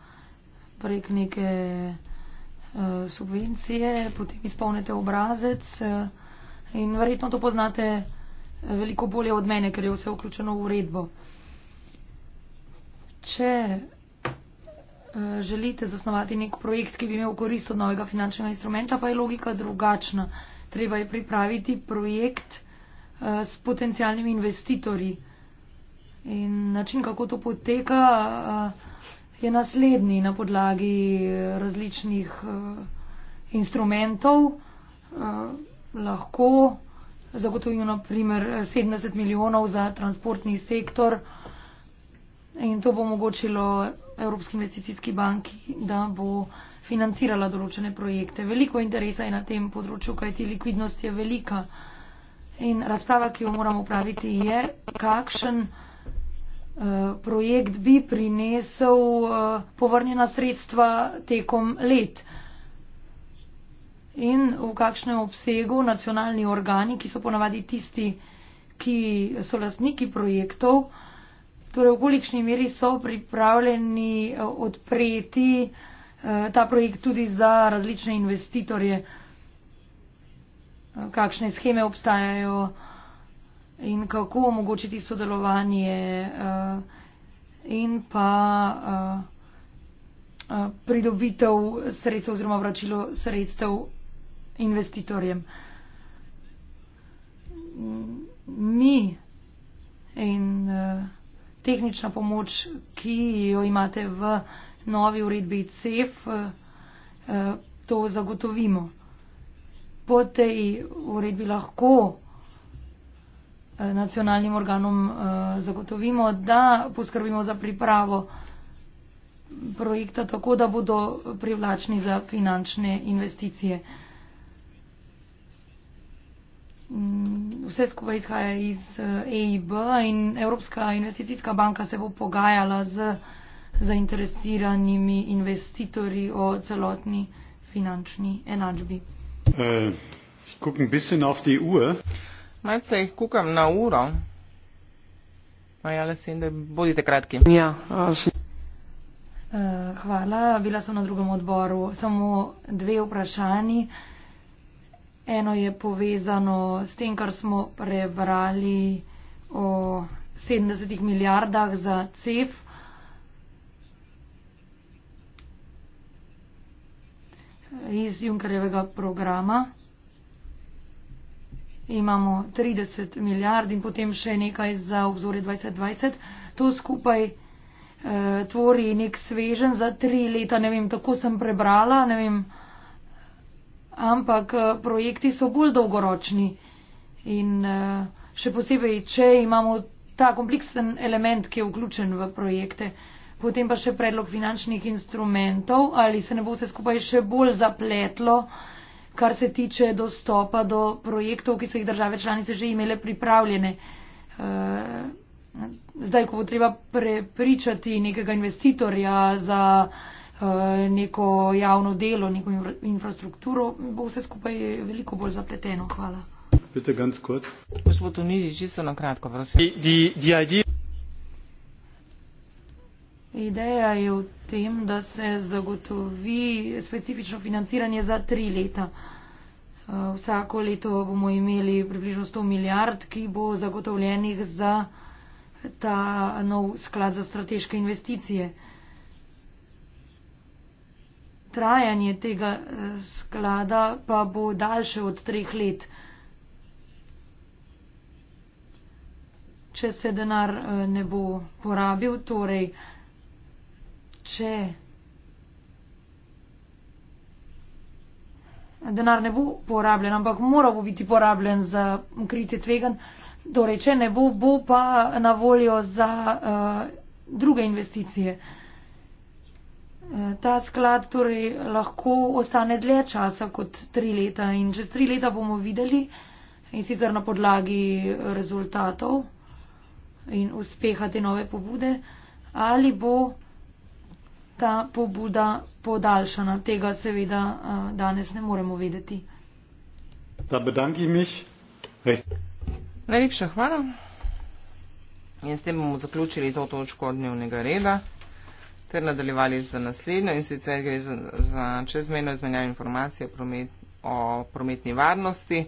prek neke Eh, subvencije, potem izpolnite obrazec eh, in verjetno to poznate eh, veliko bolje od mene, ker je vse vključeno v uredbo. Če želite zasnovati nek projekt, ki bi imel korist od novega finančnega instrumenta, pa je logika drugačna. Treba je pripraviti projekt s potencijalnimi investitorji. In način, kako to poteka, je naslednji na podlagi eh, različnih eh, instrumentov. Eh, lahko zagotovijo naprimer 70 milijonov za transportni sektor in to bo omogočilo Evropski investicijski banki, da bo financirala določene projekte. Veliko interesa je na tem področju, kajti likvidnost je velika. In razprava, ki jo moramo praviti, je, kakšen Eh, projekt bi prinesel eh, povrnjena sredstva tekom let. In v kakšnem obsegu nacionalni organi, ki so ponavadi tisti, ki so lastniki projektov, torej v kolikšni meri so pripravljeni eh, odpreti ta projekt tudi za različne investitorje, kakšne scheme obstajajo in kako omogočiti sodelovanje uh, in pa uh, uh, pridobitev sredstev oziroma vračilo sredstev investitorjem. Mi in uh, tehnična pomoč, ki jo imate v novi uredbi CEF, uh, to zagotovimo. Po tej uredbi lahko Eh, nacionalnim organom eh, zagotovimo, da poskrbimo za pripravo projekta tako, da bodo privlačni za finančne investicije. Mm, vse skupaj izhaja iz EIB eh, e in Evropska investicijska banka se bo pogajala z zainteresiranimi investitorji o celotni finančni enačbi. Uh, gucken ein bisschen auf die Uhr. Majce jih kukam na uro. Majale no, se in da bodite kratki. Ja, uh, hvala, bila sem na drugem odboru. Samo dve vprašanji. Eno je povezano s tem, kar smo prebrali o 70 milijardah za CEF. iz Junkarjevega programa imamo 30 milijard in potem še nekaj za obzore 2020. To skupaj eh, tvori nek svežen za tri leta, ne vem, tako sem prebrala, ne vem, ampak eh, projekti so bolj dolgoročni in eh, še posebej, če imamo ta kompleksen element, ki je vključen v projekte, potem pa še predlog finančnih instrumentov, ali se ne bo vse skupaj še bolj zapletlo kar se tiče dostopa do projektov, ki so jih države članice že imele pripravljene. Eh, zdaj, ko bo treba prepričati nekega investitorja za eh, neko javno delo, neko infrastrukturo, bo vse skupaj veliko bolj zapleteno. Hvala. Gospod Tunizi, čisto na kratko, prosim. Ideja je v tem, da se zagotovi specifično financiranje za tri leta. Eh, vsako leto bomo imeli približno 100 milijard, ki bo zagotovljenih za ta nov sklad za strateške investicije. Trajanje tega eh, sklada pa bo daljše od treh let. Če se denar eh, ne bo porabil, torej če denar ne bo porabljen, ampak mora bo biti porabljen za kritje tvegan, torej če ne bo, bo pa na voljo za uh, druge investicije. Eh, ta sklad torej lahko ostane dlje časa kot tri leta in čez tri leta bomo videli in sicer na podlagi rezultatov in uspeha te nove pobude, ali bo uh, ta pobuda podaljšana. Tega seveda eh, danes ne moremo vedeti. Da bedanki miš. Hey. Najlepša hvala. In s tem bomo zaključili to točko dnevnega reda ter nadaljevali za naslednjo in sicer gre za, za čezmeno izmenjavo informacij o, promet, o prometni varnosti.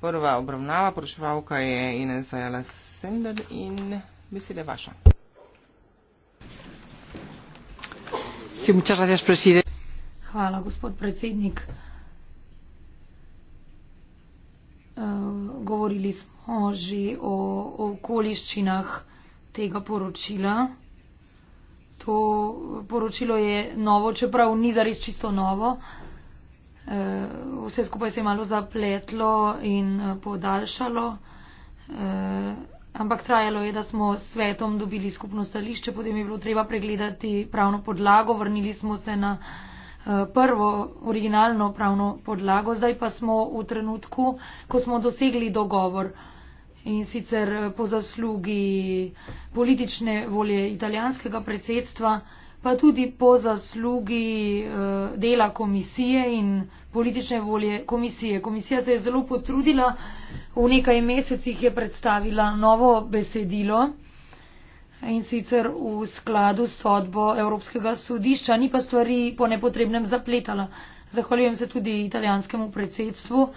Prva obravnava poročevalka je Ines Ajala Sender in beseda je vaša. Eh, govorili smo že o okoliščinah tega poročila to poročilo je novo čeprav ni zares čisto novo eh, vse skupaj se je malo zapletlo in eh, podaljšalo Ampak trajalo je, da smo s svetom dobili skupno stališče, potem je bilo treba pregledati pravno podlago, vrnili smo se na eh, prvo originalno pravno podlago, zdaj pa smo v trenutku, ko smo dosegli dogovor in sicer eh, po zaslugi politične volje italijanskega predsedstva pa tudi po zaslugi eh, dela komisije in politične volje komisije. Komisija se je zelo potrudila, v nekaj mesecih je predstavila novo besedilo in sicer v skladu s sodbo Evropskega sodišča, ni pa stvari po nepotrebnem zapletala. Zahvaljujem se tudi italijanskemu predsedstvu,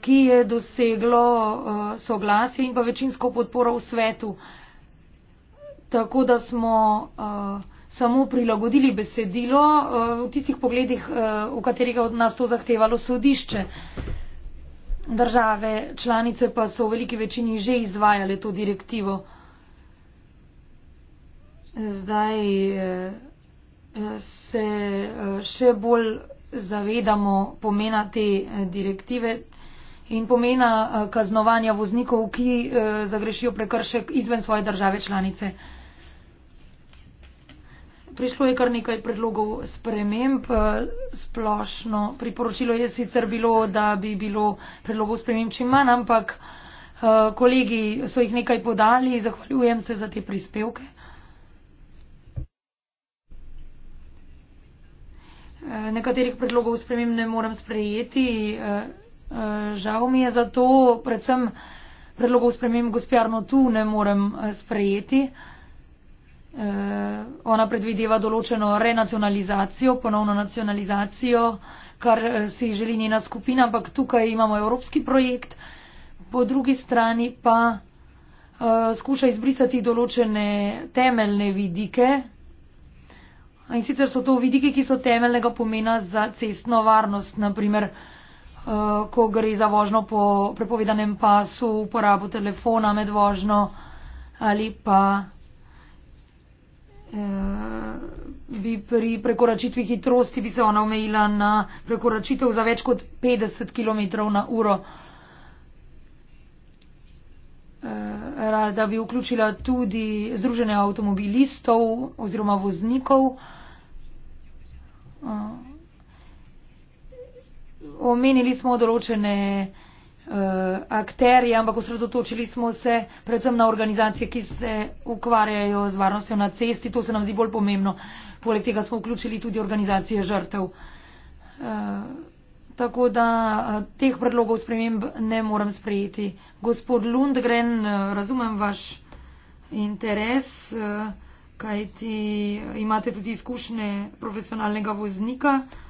ki je doseglo eh, soglasje in pa večinsko podporo v svetu. Tako da smo. Uh, samo prilagodili besedilo eh, v tistih pogledih, eh, v katerega od nas to zahtevalo sodišče. Države članice pa so v veliki večini že izvajale to direktivo. Zdaj eh, se še bolj zavedamo pomena te direktive in pomena kaznovanja voznikov, ki zagrešijo prekršek izven svoje države članice prišlo je kar nekaj predlogov sprememb. Eh, splošno priporočilo je sicer bilo, da bi bilo predlogov sprememb čim manj, ampak eh, kolegi so jih nekaj podali. Zahvaljujem se za te prispevke. Eh, nekaterih predlogov sprememb ne morem sprejeti. Žal mi je zato, predvsem predlogov sprememb gospjarno tu ne morem sprejeti. Eh, ona predvideva določeno renacionalizacijo, ponovno nacionalizacijo, kar eh, si želi njena skupina, ampak tukaj imamo evropski projekt, po drugi strani pa eh, skuša izbrisati določene temeljne vidike. In sicer so to vidiki, ki so temeljnega pomena za cestno varnost, naprimer, ko gre za vožno po prepovedanem pasu, uporabo telefona med vožno ali pa Eh, bi pri prekoračitvi hitrosti bi se ona omejila na prekoračitev za več kot 50 km na uro. Eh, rada bi vključila tudi Združenje avtomobilistov oziroma voznikov. Eh, omenili smo določene uh, eh, akterje, ampak osredotočili smo se predvsem na organizacije, ki se ukvarjajo z varnostjo na cesti. To se nam zdi bolj pomembno. Poleg tega smo vključili tudi organizacije žrtev. Uh, tako da uh, teh predlogov sprememb ne morem sprejeti. Gospod Lundgren, uh, razumem vaš interes, uh, kajti imate tudi izkušnje profesionalnega voznika. Uh,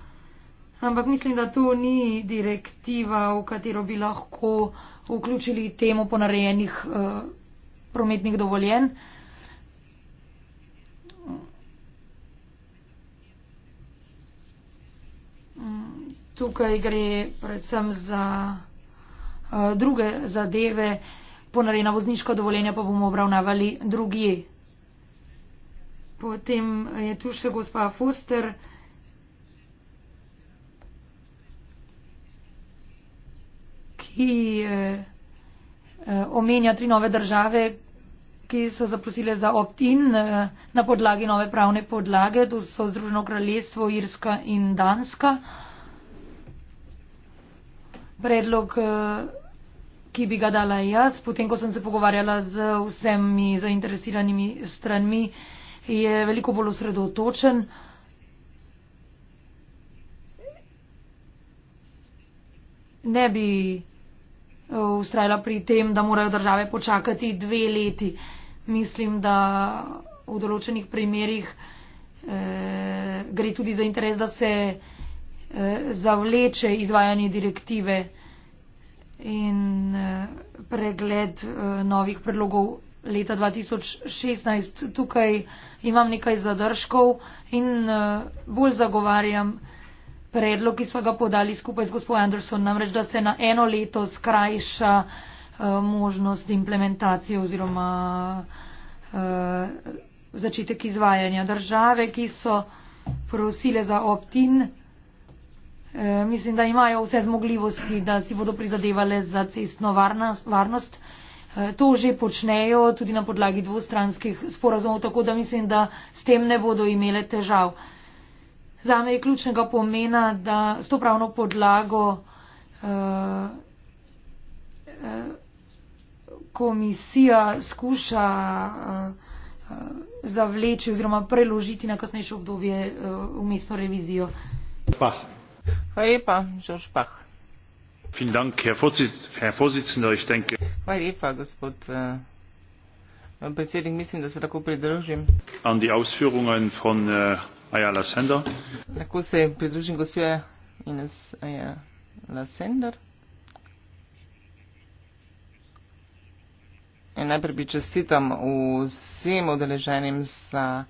Ampak mislim, da to ni direktiva, v katero bi lahko vključili temo ponarejenih uh, prometnih dovoljen. Tukaj gre predvsem za uh, druge zadeve, ponarejena vozniška dovoljenja pa bomo obravnavali drugi. Potem je tu še gospa Foster. Uh, ki eh, eh, omenja tri nove države, ki so zaprosile za opt-in eh, na podlagi nove pravne podlage. To so Združeno kraljestvo, Irska in Danska. Predlog, ki bi ga dala jaz, potem, ko sem se pogovarjala z vsemi zainteresiranimi stranmi, je veliko bolj osredotočen. Ne bi ustrajala pri tem, da morajo države počakati dve leti. Mislim, da v določenih primerjih eh, gre tudi za interes, da se eh, zavleče izvajanje direktive in eh, pregled eh, novih predlogov leta 2016. Tukaj imam nekaj zadržkov in eh, bolj zagovarjam, predlog, ki smo ga podali skupaj z gospod Anderson, namreč, da se na eno leto skrajša eh, možnost implementacije oziroma eh, začetek izvajanja države, ki so prosile za opt-in. Eh, mislim, da imajo vse zmogljivosti, da si bodo prizadevali za cestno varnost. To že počnejo tudi na podlagi dvostranskih sporazumov, tako da mislim, da s tem ne bodo imele težav. Zame je ključnega pomena, da s to pravno podlago uh, uh, komisija skuša uh, uh, zavleči oziroma preložiti na kasnejšo obdobje uh, umestno revizijo. Pa. Hvala lepa, Žorž Pah. Hvala lepa, gospod uh, predsednik. Mislim, da se tako pridružim. Ajala Sendor. Lahko se pridružim gospe Ines Ajala Sendor. In najprej bi čestitam vsem odeleženim za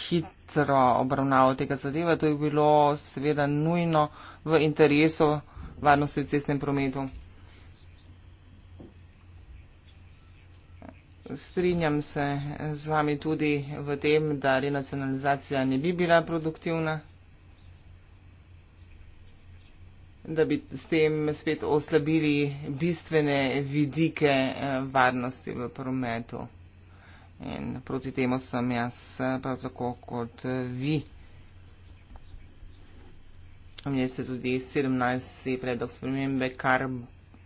hitro obravnavo tega zadeva. To je bilo seveda nujno v interesu varnosti v cestnem prometu. strinjam se z vami tudi v tem, da renacionalizacija ne bi bila produktivna, da bi s tem spet oslabili bistvene vidike eh, varnosti v prometu. In proti temu sem jaz eh, prav tako kot eh, vi. Mne se tudi 17. predlog spremembe, kar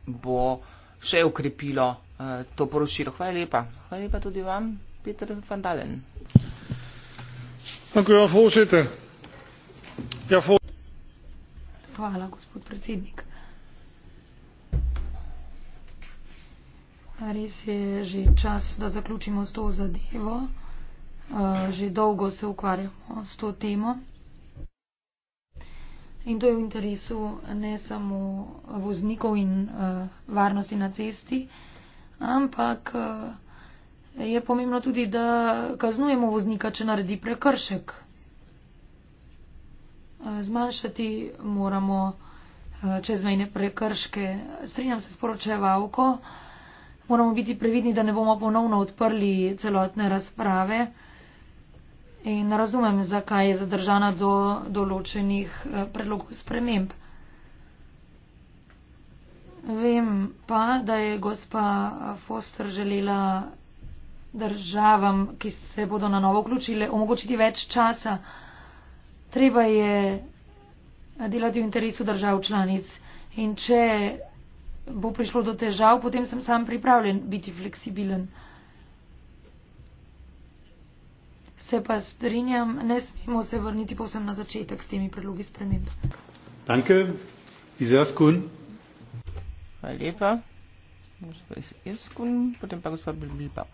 bo še ukrepilo Eh, to poročilo. Hvala lepa. Hvala lepa tudi vam, Peter van Dalen. Ja, ja, Hvala, gospod predsednik. Res je že čas, da zaključimo s to zadevo. Eh, že dolgo se ukvarjamo s to temo. In to je v interesu ne samo voznikov in eh, varnosti na cesti, ampak eh, je pomembno tudi, da kaznujemo voznika, če naredi prekršek. Eh, zmanjšati moramo eh, čezmejne prekrške. Strinjam se s poročevalko, moramo biti previdni, da ne bomo ponovno odprli celotne razprave. In razumem, zakaj je zadržana do določenih predlogov sprememb. Vem pa, da je gospa Foster želela državam, ki se bodo na novo vključile, omogočiti več časa. Treba je delati v interesu držav članic in če bo prišlo do težav, potem sem sam pripravljen biti fleksibilen. Se pa strinjam, ne smemo se vrniti povsem na začetek s temi predlogi sprememb. Danke. Izraz kun. Hvala lepa. Gospod Irskun, potem pa gospod Bilba.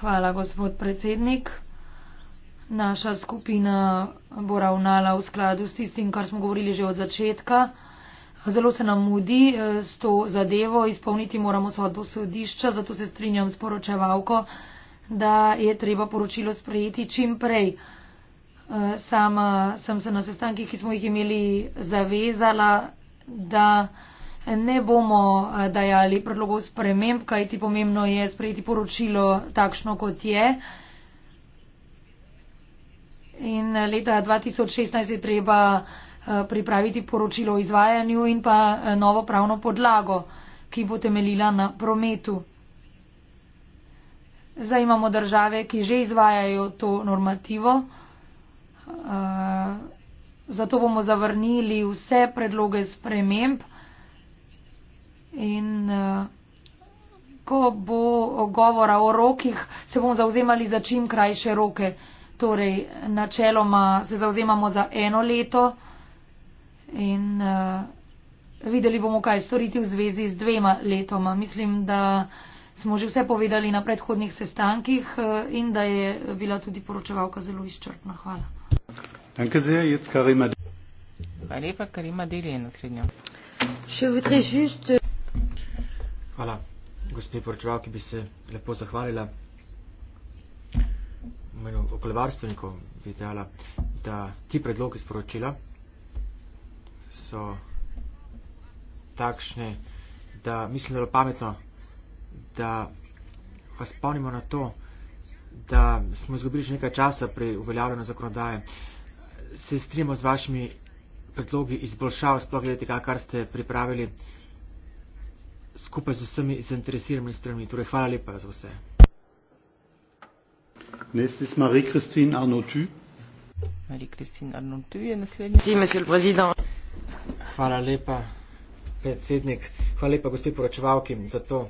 Hvala, gospod predsednik. Naša skupina bo ravnala v skladu s tistim, kar smo govorili že od začetka. Zelo se nam mudi eh, s to zadevo, izpolniti moramo sodbo sodišča, zato se strinjam s poročevalko, da je treba poročilo sprejeti čim prej. Eh, sama sem se na sestankih, ki smo jih imeli, zavezala, da ne bomo eh, dajali predlogov sprememb, kaj ti pomembno je sprejeti poročilo takšno, kot je. In eh, leta 2016 je treba eh, pripraviti poročilo o izvajanju in pa novo pravno podlago, ki bo temeljila na prometu. Zdaj imamo države, ki že izvajajo to normativo. Zato bomo zavrnili vse predloge sprememb. In uh, ko bo govora o rokih, se bomo zauzemali za čim krajše roke. Torej, načeloma se zauzemamo za eno leto in uh, videli bomo, kaj storiti v zvezi z dvema letoma. Mislim, da smo že vse povedali na predhodnih sestankih uh, in da je bila tudi poročevalka zelo izčrpna. Hvala. Hvala lepa, kar ima delje naslednjo. Je voudrais juste. Hvala, gospe poročevalki, bi se lepo zahvalila meni okoljevarstvenikom bi dejala, da ti predlogi sporočila so takšne, da mislim, da je pametno, da vas spomnimo na to, da smo izgubili že nekaj časa pri uveljavljanju zakonodaje. Se strimo z vašimi predlogi izboljšav, sploh glede tega, kar ste pripravili skupaj z vsemi zainteresiranimi stranmi. Torej, hvala lepa za vse. Hvala lepa, predsednik. Hvala lepa, gospod poročevalki, za to,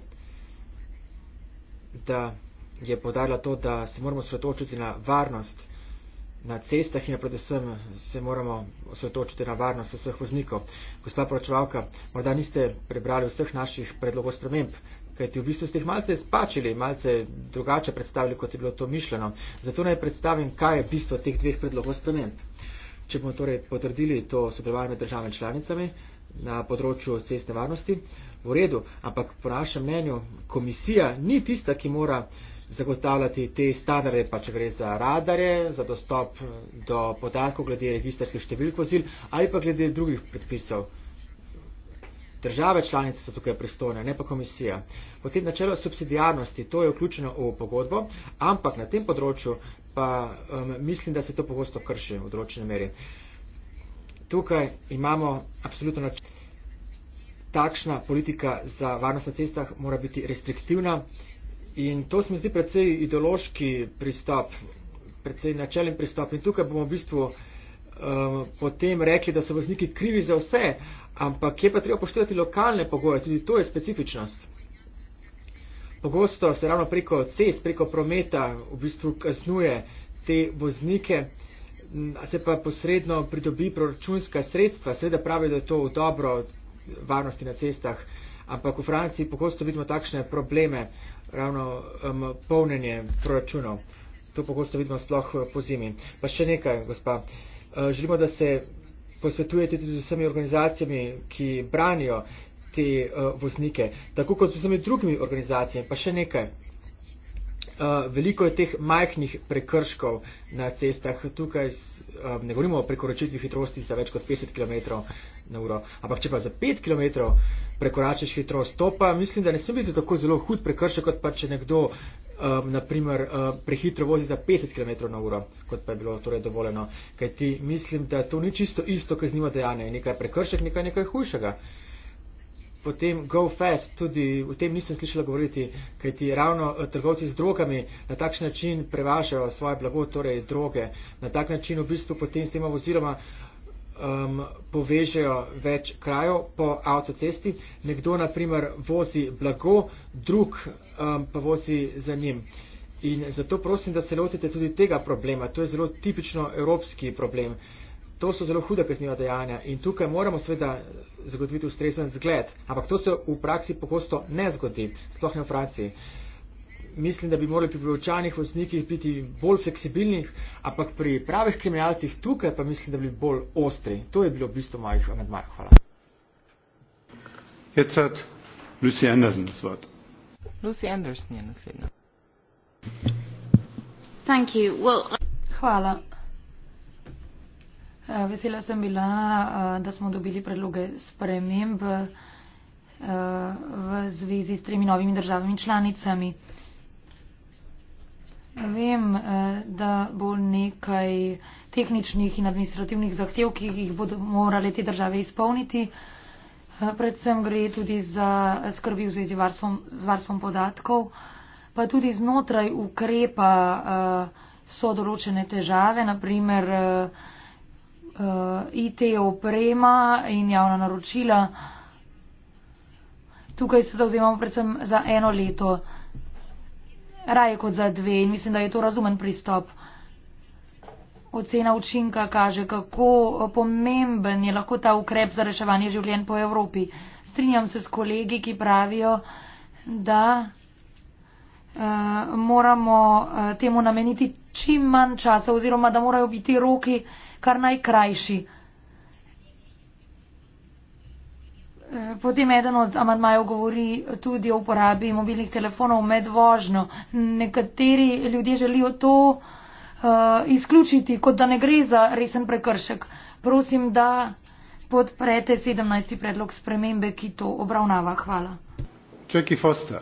da je podarila to, da se moramo sredočiti na varnost na cestah in predvsem se moramo osvetočiti na varnost vseh voznikov. Gospa poročevalka, morda niste prebrali vseh naših predlogov sprememb, kajti v bistvu ste jih malce spačili, malce drugače predstavili, kot je bilo to mišljeno. Zato naj predstavim, kaj je bistvo teh dveh predlogov sprememb. Če bomo torej potrdili to sodelovanje med državami članicami na področju cestne varnosti, v redu, ampak po našem mnenju komisija ni tista, ki mora zagotavljati te standarde, pa če gre za radare, za dostop do podatkov glede registarskih številk vozil ali pa glede drugih predpisov. Države članice so tukaj pristojne, ne pa komisija. Potem načelo subsidijarnosti, to je vključeno v pogodbo, ampak na tem področju pa um, mislim, da se to pogosto krši v določene meri. Tukaj imamo apsolutno načelo. Takšna politika za varnost na cestah mora biti restriktivna In to se mi zdi precej ideološki pristop, precej načelen pristop. In tukaj bomo v bistvu um, potem rekli, da so vozniki krivi za vse, ampak je pa treba poštevati lokalne pogoje, tudi to je specifičnost. Pogosto se ravno preko cest, preko prometa v bistvu kaznuje te voznike, se pa posredno pridobi proračunska sredstva, seveda pravi, da je to v dobro varnosti na cestah, ampak v Franciji pogosto vidimo takšne probleme, ravno um, polnjenje proračunov. To pogosto vidimo sploh eh, po zimi. Pa še nekaj, gospa. Eh, želimo, da se posvetujete tudi z vsemi organizacijami, ki branijo te uh, voznike, tako kot z vsemi drugimi organizacijami. Pa še nekaj, Eh, veliko je teh majhnih prekrškov na cestah. Tukaj um, ne govorimo o prekoračitvi hitrosti za več kot 50 km na uro, ampak če pa za 5 km prekoračiš hitrost, to pa mislim, da ne sme biti tako zelo hud prekršek, kot pa če nekdo um, eh, naprimer, uh, prehitro vozi za 50 km na uro, kot pa je bilo torej dovoljeno. Kaj ti mislim, da to ni čisto isto kaznivo dejanje, nekaj prekršek, nekaj, nekaj hujšega. Uh, potem GoFest, tudi o tem nisem slišala govoriti, kaj ti ravno eh, trgovci z drogami na takšen način prevažajo svoje blago, torej droge, na tak način v bistvu potem s tem oziroma um, povežejo več krajev po avtocesti. Nekdo naprimer vozi blago, drug um, pa vozi za njim. In zato prosim, da se lotite tudi tega problema. To je zelo tipično evropski problem to so zelo huda kazniva dejanja in tukaj moramo sveda zagotoviti ustrezen zgled, ampak to se v praksi pogosto ne zgodi, sploh ne v Franciji. Mislim, da bi morali pri priučanih vozniki biti bolj fleksibilnih, ampak pri pravih kriminalcih tukaj pa mislim, da bi bili bolj ostri. To je bilo v bistvu mojih amedmajev. Hvala. Jetzt Lucy Anderson das Wort. Lucy Anderson je naslednja. Thank you. Well, Hvala. Eh, vesela sem bila, eh, da smo dobili predloge sprememb eh, v zvezi s tremi novimi državami članicami. Vem, da bo nekaj tehničnih in administrativnih zahtev, ki jih bodo morale te države izpolniti. Predvsem gre tudi za skrbi v zvezi varstvom, z varstvom podatkov, pa tudi znotraj ukrepa so določene težave, naprimer uh, eh, IT oprema in javna naročila. Tukaj se zauzemamo predvsem za eno leto, raje kot za dve in mislim, da je to razumen pristop. Ocena učinka kaže, kako pomemben je lahko ta ukrep za reševanje življenj po Evropi. Strinjam se s kolegi, ki pravijo, da uh, moramo uh, temu nameniti čim manj časa oziroma da morajo biti roki kar najkrajši. E, potem eden od amadmajev govori tudi o uporabi mobilnih telefonov med vožnjo. Nekateri ljudje želijo to uh, izključiti, kot da ne gre za resen prekršek. Prosim, da podprete 17. predlog spremembe, ki to obravnava. Hvala. Jackie Foster.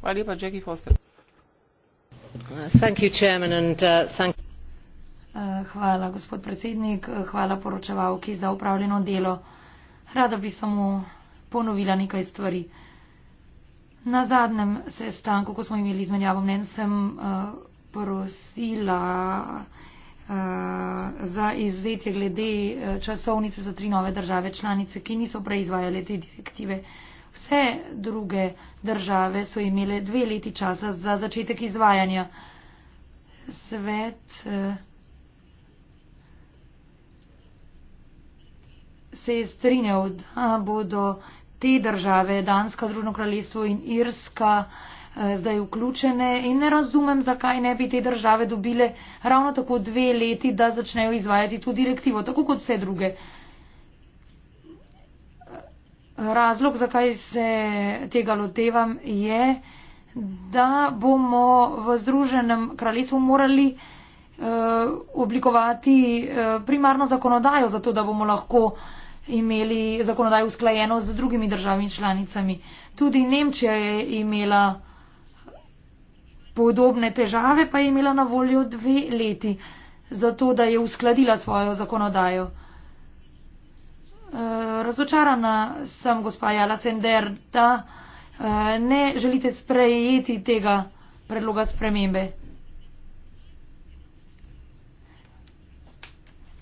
Hvala lepa, Jackie Foster. Uh, thank you, chairman, and, uh, thank you. Eh, hvala, gospod predsednik, eh, hvala poročevalki za upravljeno delo. Rada bi samo ponovila nekaj stvari. Na zadnjem sestanku, ko smo imeli izmenjavo mnen, sem eh, prosila za izuzetje glede časovnice za tri nove države članice, ki niso prej izvajale te direktive. Vse druge države so imele dve leti časa za začetek izvajanja. Svet. Uh, se je strinjal, da bodo te države, Danska, Združeno kraljestvo in Irska, eh, zdaj vključene in ne razumem, zakaj ne bi te države dobile ravno tako dve leti, da začnejo izvajati to direktivo, tako kot vse druge. Razlog, zakaj se tega lotevam, je, da bomo v Združenem kraljestvu morali uh, oblikovati uh, primarno zakonodajo, zato da bomo lahko uh, imeli zakonodajo usklajeno z drugimi državami članicami. Tudi Nemčija je imela podobne težave, pa je imela na voljo dve leti, zato da je uskladila svojo zakonodajo. Eh, razočarana sem, gospa Jala Sender, da eh, ne želite sprejeti tega predloga spremembe.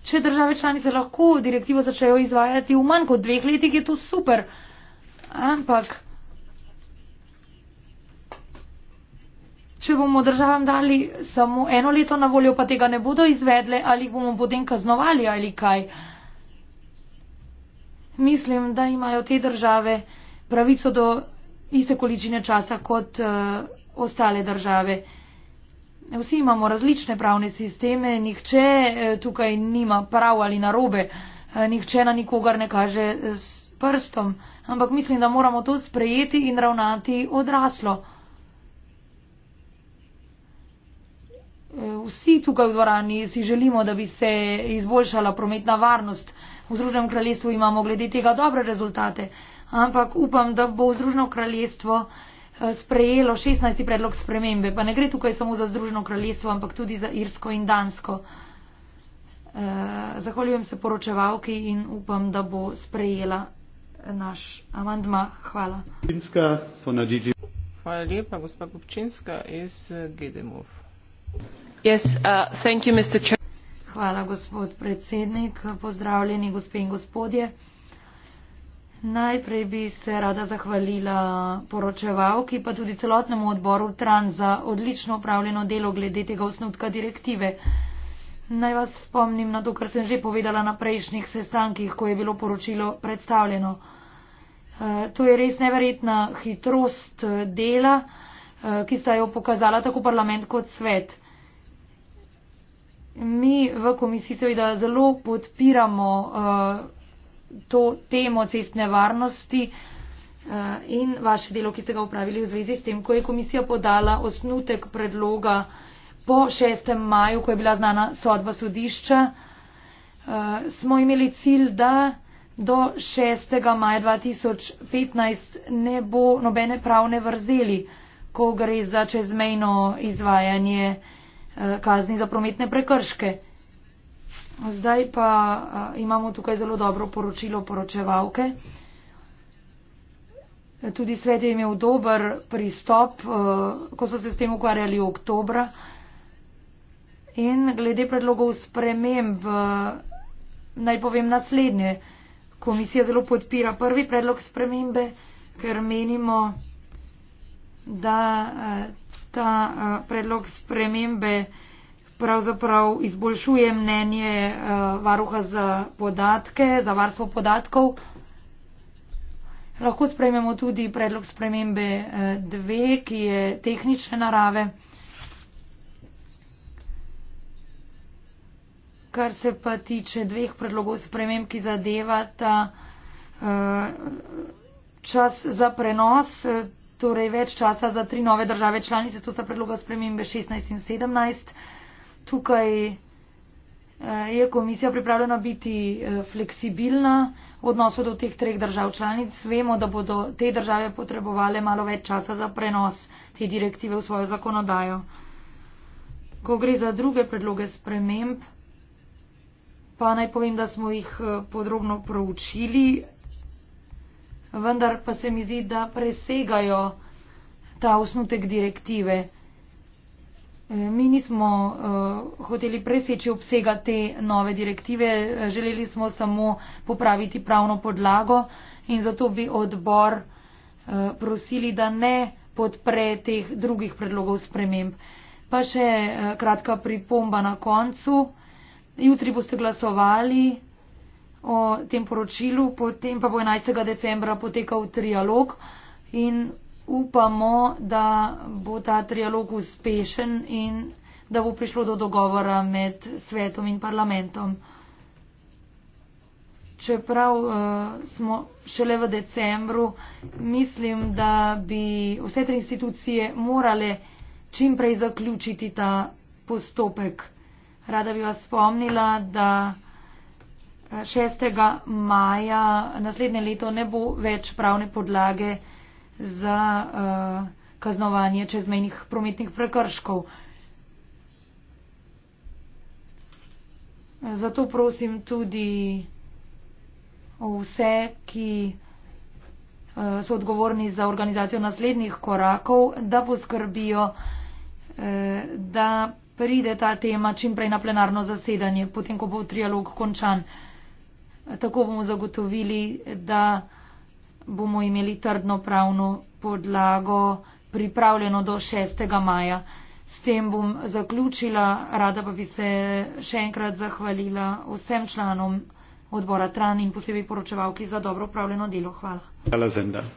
Če države članice lahko direktivo začnejo izvajati v manj kot dveh letih, je to super. Ampak, če bomo državam dali samo eno leto na voljo, pa tega ne bodo izvedle, ali bomo potem kaznovali ali kaj. Mislim, da imajo te države pravico do iste količine časa kot uh, ostale države. Vsi imamo različne pravne sisteme, nihče eh, tukaj nima prav ali narobe, eh, nihče na nikogar ne kaže eh, s prstom, ampak mislim, da moramo to sprejeti in ravnati odraslo. Vsi tukaj v dvorani si želimo, da bi se izboljšala prometna varnost. V Združenem kraljestvu imamo glede tega dobre rezultate, ampak upam, da bo v Združeno kraljestvo Eh, sprejelo 16. predlog spremembe. Pa ne gre tukaj samo za Združeno kraljestvo, ampak tudi za Irsko in Dansko. Eh, zahvaljujem se poročevalki in upam, da bo sprejela naš amandma. Hvala. Hvala lepa, gospa Kupčinska iz eh, GDMOV. Yes, uh, Hvala, gospod predsednik. Pozdravljeni, gospe in gospodje. Najprej bi se rada zahvalila poročevalki, pa tudi celotnemu odboru TRAN za odlično upravljeno delo glede tega osnutka direktive. Naj vas spomnim na to, kar sem že povedala na prejšnjih sestankih, ko je bilo poročilo predstavljeno. E, to je res neverjetna hitrost eh, dela, e, ki sta jo pokazala tako parlament kot svet. Mi v komisiji seveda zelo podpiramo. E, to temo cestne varnosti eh, in vaše delo, ki ste ga upravili v zvezi s tem, ko je komisija podala osnutek predloga po 6. maju, ko je bila znana sodba sodišča, eh, smo imeli cilj, da do 6. maja 2015 ne bo nobene pravne vrzeli, ko gre za čezmejno izvajanje eh, kazni za prometne prekrške. Zdaj pa uh, imamo tukaj zelo dobro poročilo poročevalke. Tudi svet je imel dober pristop, uh, ko so se s tem ukvarjali v oktobra. In glede predlogov sprememb, uh, naj povem naslednje. Komisija zelo podpira prvi predlog spremembe, ker menimo, da uh, ta uh, predlog spremembe uh, pravzaprav izboljšuje mnenje eh, varuha za podatke, za varstvo podatkov. Lahko sprejmemo tudi predlog spremembe eh, dve, ki je tehnične narave. Kar se pa tiče dveh predlogov sprememb, ki zadevata eh, čas za prenos, torej več časa za tri nove države članice, to sta predloga spremembe 16 in 17 tukaj eh, je komisija pripravljena biti eh, fleksibilna v odnosu do teh treh držav članic. Vemo, da bodo te države potrebovale malo več časa za prenos te direktive v svojo zakonodajo. Ko gre za druge predloge sprememb, pa naj povem, da smo jih eh, podrobno proučili, vendar pa se mi zdi, da presegajo ta osnutek direktive. Eh, mi nismo uh, hoteli preseči obsega te nove direktive, eh, želeli smo samo popraviti pravno podlago in zato bi odbor uh, prosili, da ne podpre teh drugih predlogov sprememb. Pa še uh, kratka pripomba na koncu. Jutri boste glasovali o tem poročilu, potem pa bo 11. decembra potekal trialog in upamo, da bo ta trialog uspešen in da bo prišlo do dogovora med svetom in parlamentom. Čeprav uh, smo šele v decembru, mislim, da bi vse tri institucije morale čimprej zaključiti ta postopek. Rada bi vas spomnila, da 6. Eh, maja naslednje leto ne bo več pravne podlage za uh, kaznovanje čezmejnih prometnih prekrškov. Zato prosim tudi vse, ki uh, so odgovorni za organizacijo naslednjih korakov, da poskrbijo, uh, da pride ta tema čimprej na plenarno zasedanje, potem ko bo trialog končan. Tako bomo zagotovili, da bomo imeli trdno pravno podlago pripravljeno do 6. maja. S tem bom zaključila, rada pa bi se še enkrat zahvalila vsem članom odbora Tran in posebej poročevalki za dobro upravljeno delo. Hvala. Hvala, Zender.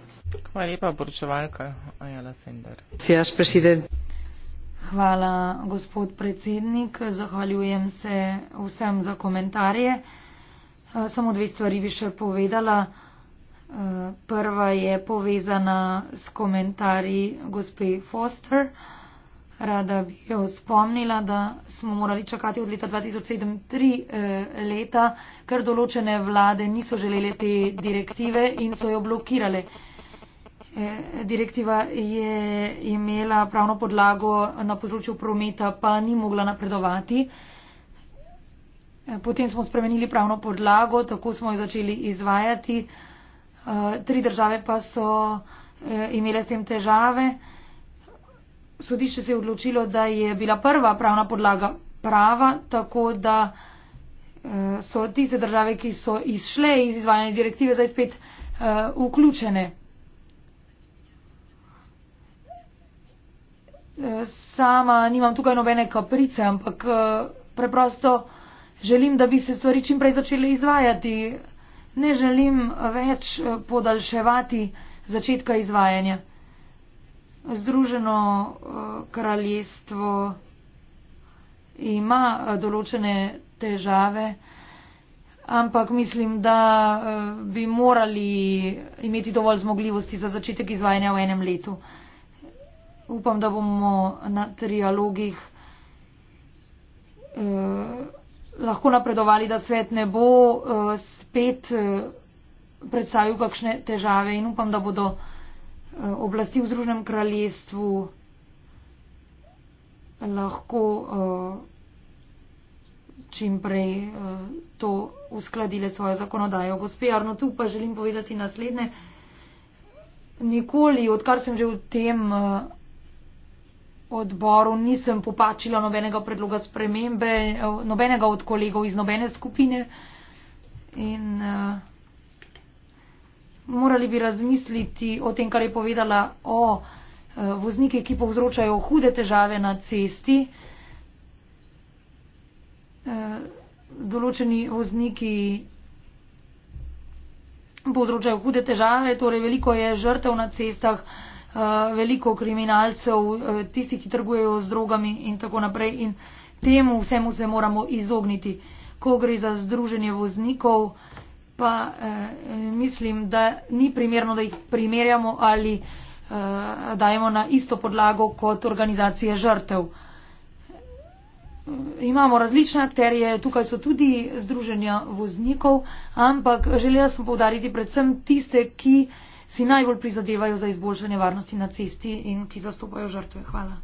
Hvala lepa, poročevalka Ajala Zender. Hvala, gospod predsednik. Zahvaljujem se vsem za komentarje. Samo dve stvari bi še povedala. Prva je povezana s komentarji gospe Foster. Rada bi jo spomnila, da smo morali čakati od leta 2007 tri eh, leta, ker določene vlade niso želele te direktive in so jo blokirale. Eh, direktiva je imela pravno podlago na področju prometa, pa ni mogla napredovati. Eh, potem smo spremenili pravno podlago, tako smo jo začeli izvajati. Eh, tri države pa so eh, imele s tem težave. Sodišče se je odločilo, da je bila prva pravna podlaga prava, tako da eh, so tiste države, ki so izšle iz izvajanja direktive, zdaj spet vključene. Sama nimam tukaj nobene kaprice, ampak preprosto želim, da bi se stvari čim prej začele izvajati. Ne želim eh, več eh, podaljševati začetka izvajanja. Združeno eh, kraljestvo ima določene težave, ampak mislim, da bi morali imeti dovolj zmogljivosti za začetek izvajanja v enem letu. Upam, da bomo na trialogih. Uh, lahko napredovali, da svet ne bo uh, spet uh, predstavil kakšne težave in upam, da bodo uh, oblasti v Združenem kraljestvu lahko uh, čim prej uh, to uskladile svojo zakonodajo. Gospe Arno, tu pa želim povedati naslednje. Nikoli, odkar sem že v tem. Uh, odboru nisem popačila nobenega predloga spremembe, eh, nobenega od kolegov iz nobene skupine. In uh, morali bi razmisliti o tem, kar je povedala o uh, voznike, ki povzročajo hude težave na cesti. Uh, določeni vozniki povzročajo hude težave, torej veliko je žrtev na cestah. Uh, Eh, veliko kriminalcev, eh, tistih, ki trgujejo z drogami in tako naprej. In temu vsemu se moramo izogniti. Ko gre za združenje voznikov, pa eh, mislim, da ni primerno, da jih primerjamo ali eh, dajemo na isto podlago kot organizacije žrtev. Eh, imamo različne akterje, tukaj so tudi združenja voznikov, ampak želela sem povdariti predvsem tiste, ki si najbolj prizadevajo za izboljšanje varnosti na cesti in ki zastopajo žrtve. Hvala.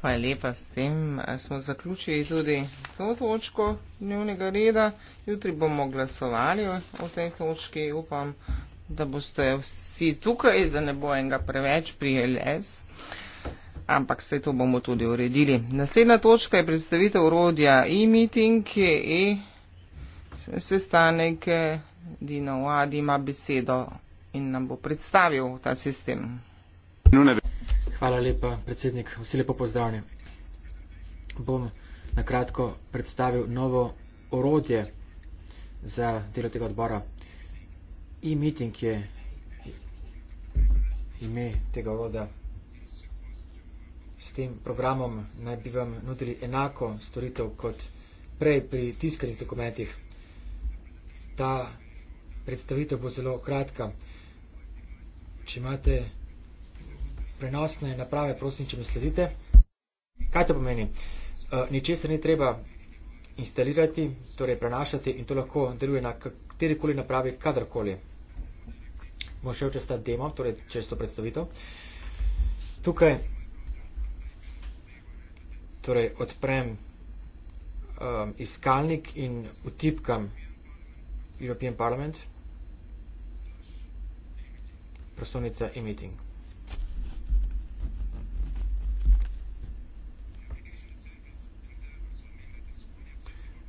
Hvala lepa. S tem eh, smo zaključili tudi to točko dnevnega reda. Jutri bomo glasovali o tej točki. Upam, da boste vsi tukaj, da ne bo enega preveč pri LS. Ampak vse to bomo tudi uredili. Naslednja točka je predstavitev urodja e-meeting, e-sestanek. Dino Vadi ima besedo in nam bo predstavil ta sistem. Hvala lepa, predsednik. Vsi lepo pozdravljeni. Bom nakratko predstavil novo orodje za delo tega odbora. E-meeting je ime tega orodja. S tem programom naj bi vam nudili enako storitev kot prej pri tiskanih dokumentih. Ta predstavitev bo zelo kratka. Če imate prenosne naprave, prosim, če me sledite. Kaj to pomeni? Eh, ničesar ni treba instalirati, torej prenašati in to lahko deluje na katerikoli napravi, kadarkoli. Bom šel čez ta demo, torej čez to predstavitev. Tukaj torej odprem um, iskalnik in utipkam European Parliament, prosonica i meeting.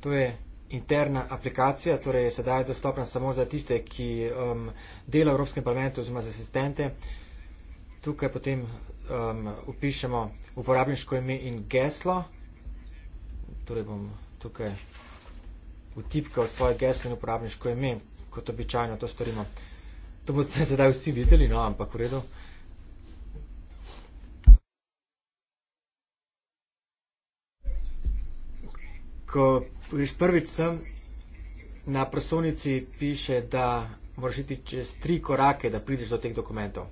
To je interna aplikacija, torej sedaj je dostopna samo za tiste, ki um, dela v Evropskem parlamentu oziroma za asistente. Tukaj potem um, upišemo uporabniško ime in geslo. Torej bom tukaj vtipkal svoje geslo in uporabniško ime, kot običajno to storimo. To boste sedaj vsi videli, no, ampak v redu. Ko priš prvič sem, na prosovnici piše, da moraš iti čez tri korake, da prideš do teh dokumentov.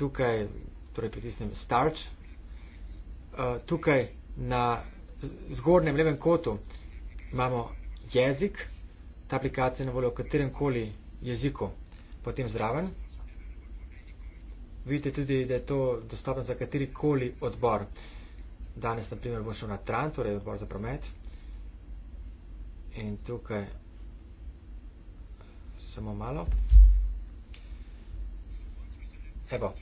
Tukaj, torej pritisnem Start, uh, tukaj na zgornjem levem kotu imamo jezik, ta aplikacija na voljo v katerem koli jeziku, potem zraven. Vidite tudi, da je to dostopen za kateri koli odbor. Danes, na primer, bom šel na Tran, torej odbor za promet. In tukaj samo malo. Evo.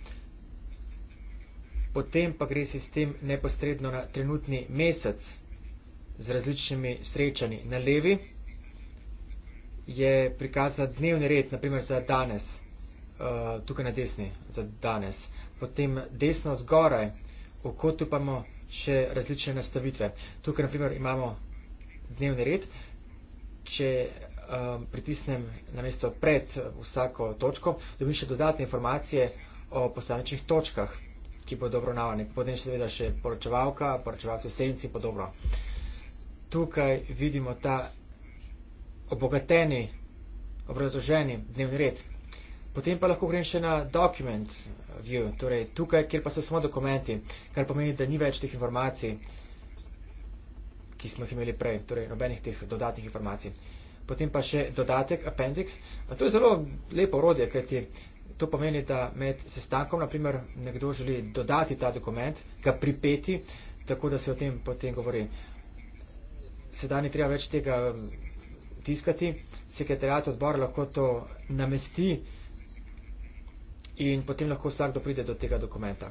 Potem pa gre sistem neposredno na trenutni mesec z različnimi srečanji. Na levi je prikazan dnevni red, naprimer za danes, uh, tukaj na desni, za danes. Potem desno zgoraj, v kotu pa imamo še različne nastavitve. Tukaj naprimer imamo dnevni red, če um, pritisnem na mesto pred uh, vsako točko, dobim še dodatne informacije o posamečnih točkah, ki bodo obravnavane. Potem še seveda še poročevalka, poročevalce v senci in podobno. Uh, tukaj vidimo ta obogateni, obrazoženi dnevni red. Potem pa lahko grem še na document view, torej tukaj, kjer pa so samo dokumenti, kar pomeni, da ni več teh informacij, ki smo jih imeli prej, torej nobenih teh dodatnih informacij. Potem pa še dodatek, appendix. A to je zelo lepo orodje, kajti to pomeni, da med sestankom, naprimer, nekdo želi dodati ta dokument, ga pripeti, tako da se o tem potem govori sedaj ni treba več tega um, tiskati, sekretarijat odbora lahko to namesti in potem lahko vsakdo pride do tega dokumenta.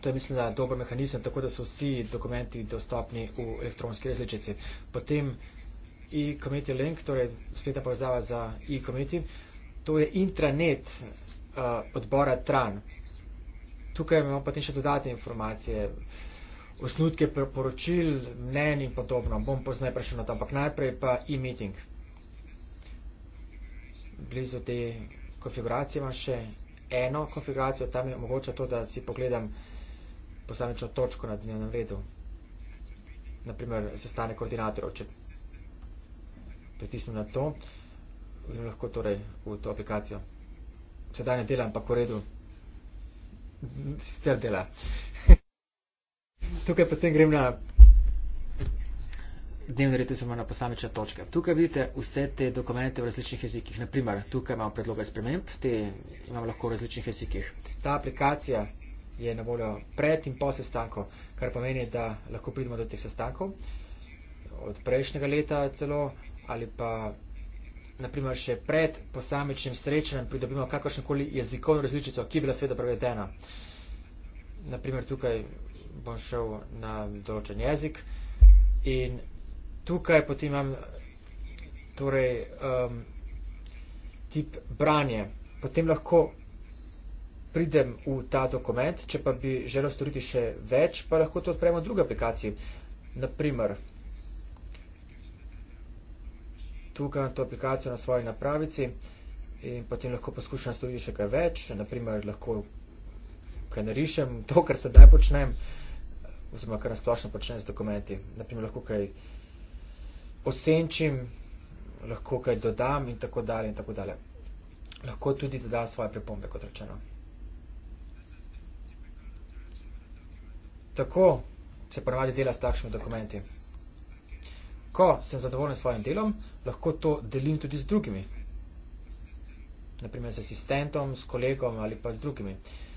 To je, mislim, da je dober mehanizem, tako da so vsi dokumenti dostopni v elektronski različici. Potem e-committee link, torej spletna povezava za e-committee, to je intranet uh, odbora TRAN. Tukaj imamo potem še dodatne informacije. Uh, osnutke poročil, mnen in podobno. Bom poznaj prišel na to, ampak najprej pa e-meeting. Blizu te konfiguracije imam še eno konfiguracijo, tam je mogoče to, da si pogledam posamečno točko na dnevnem redu. Naprimer, sestane koordinatorov, če pritisnem na to, in lahko torej v to aplikacijo. Sedaj ne delam, ampak v redu. Sicer dela. tukaj potem grem na dnevni red, samo na posamečne točke. Tukaj vidite vse te dokumente v različnih jezikih. Naprimer, tukaj imamo predloge sprememb, te imamo lahko v različnih jezikih. Ta aplikacija je na voljo pred in po sestanku, kar pomeni, da lahko pridemo do teh sestankov od prejšnjega leta celo ali pa naprimer še pred posamečnim srečanjem pridobimo kakršnokoli jezikovno različico, ki je bila sveda prevedena. Uh, naprimer tukaj bom šel na določen jezik in tukaj potem imam torej um, tip branje. Potem lahko pridem v ta dokument, če pa bi želel storiti še več, pa lahko to odpremo v druge aplikacije. Naprimer, tukaj imam to aplikacijo na svoji napravici in potem lahko poskušam storiti še kaj več, naprimer lahko kaj narišem, to, kar sedaj počnem, oziroma kar nasplošno počnem z dokumenti. Naprimer, lahko kaj osenčim, lahko kaj dodam in tako dalje in tako dalje. Lahko tudi dodam svoje pripombe, kot rečeno. Tako se ponavadi dela s takšnimi dokumenti. Ko sem zadovoljen s svojim delom, lahko to delim tudi z drugimi. Naprimer, s asistentom, s kolegom ali pa z drugimi. Uh,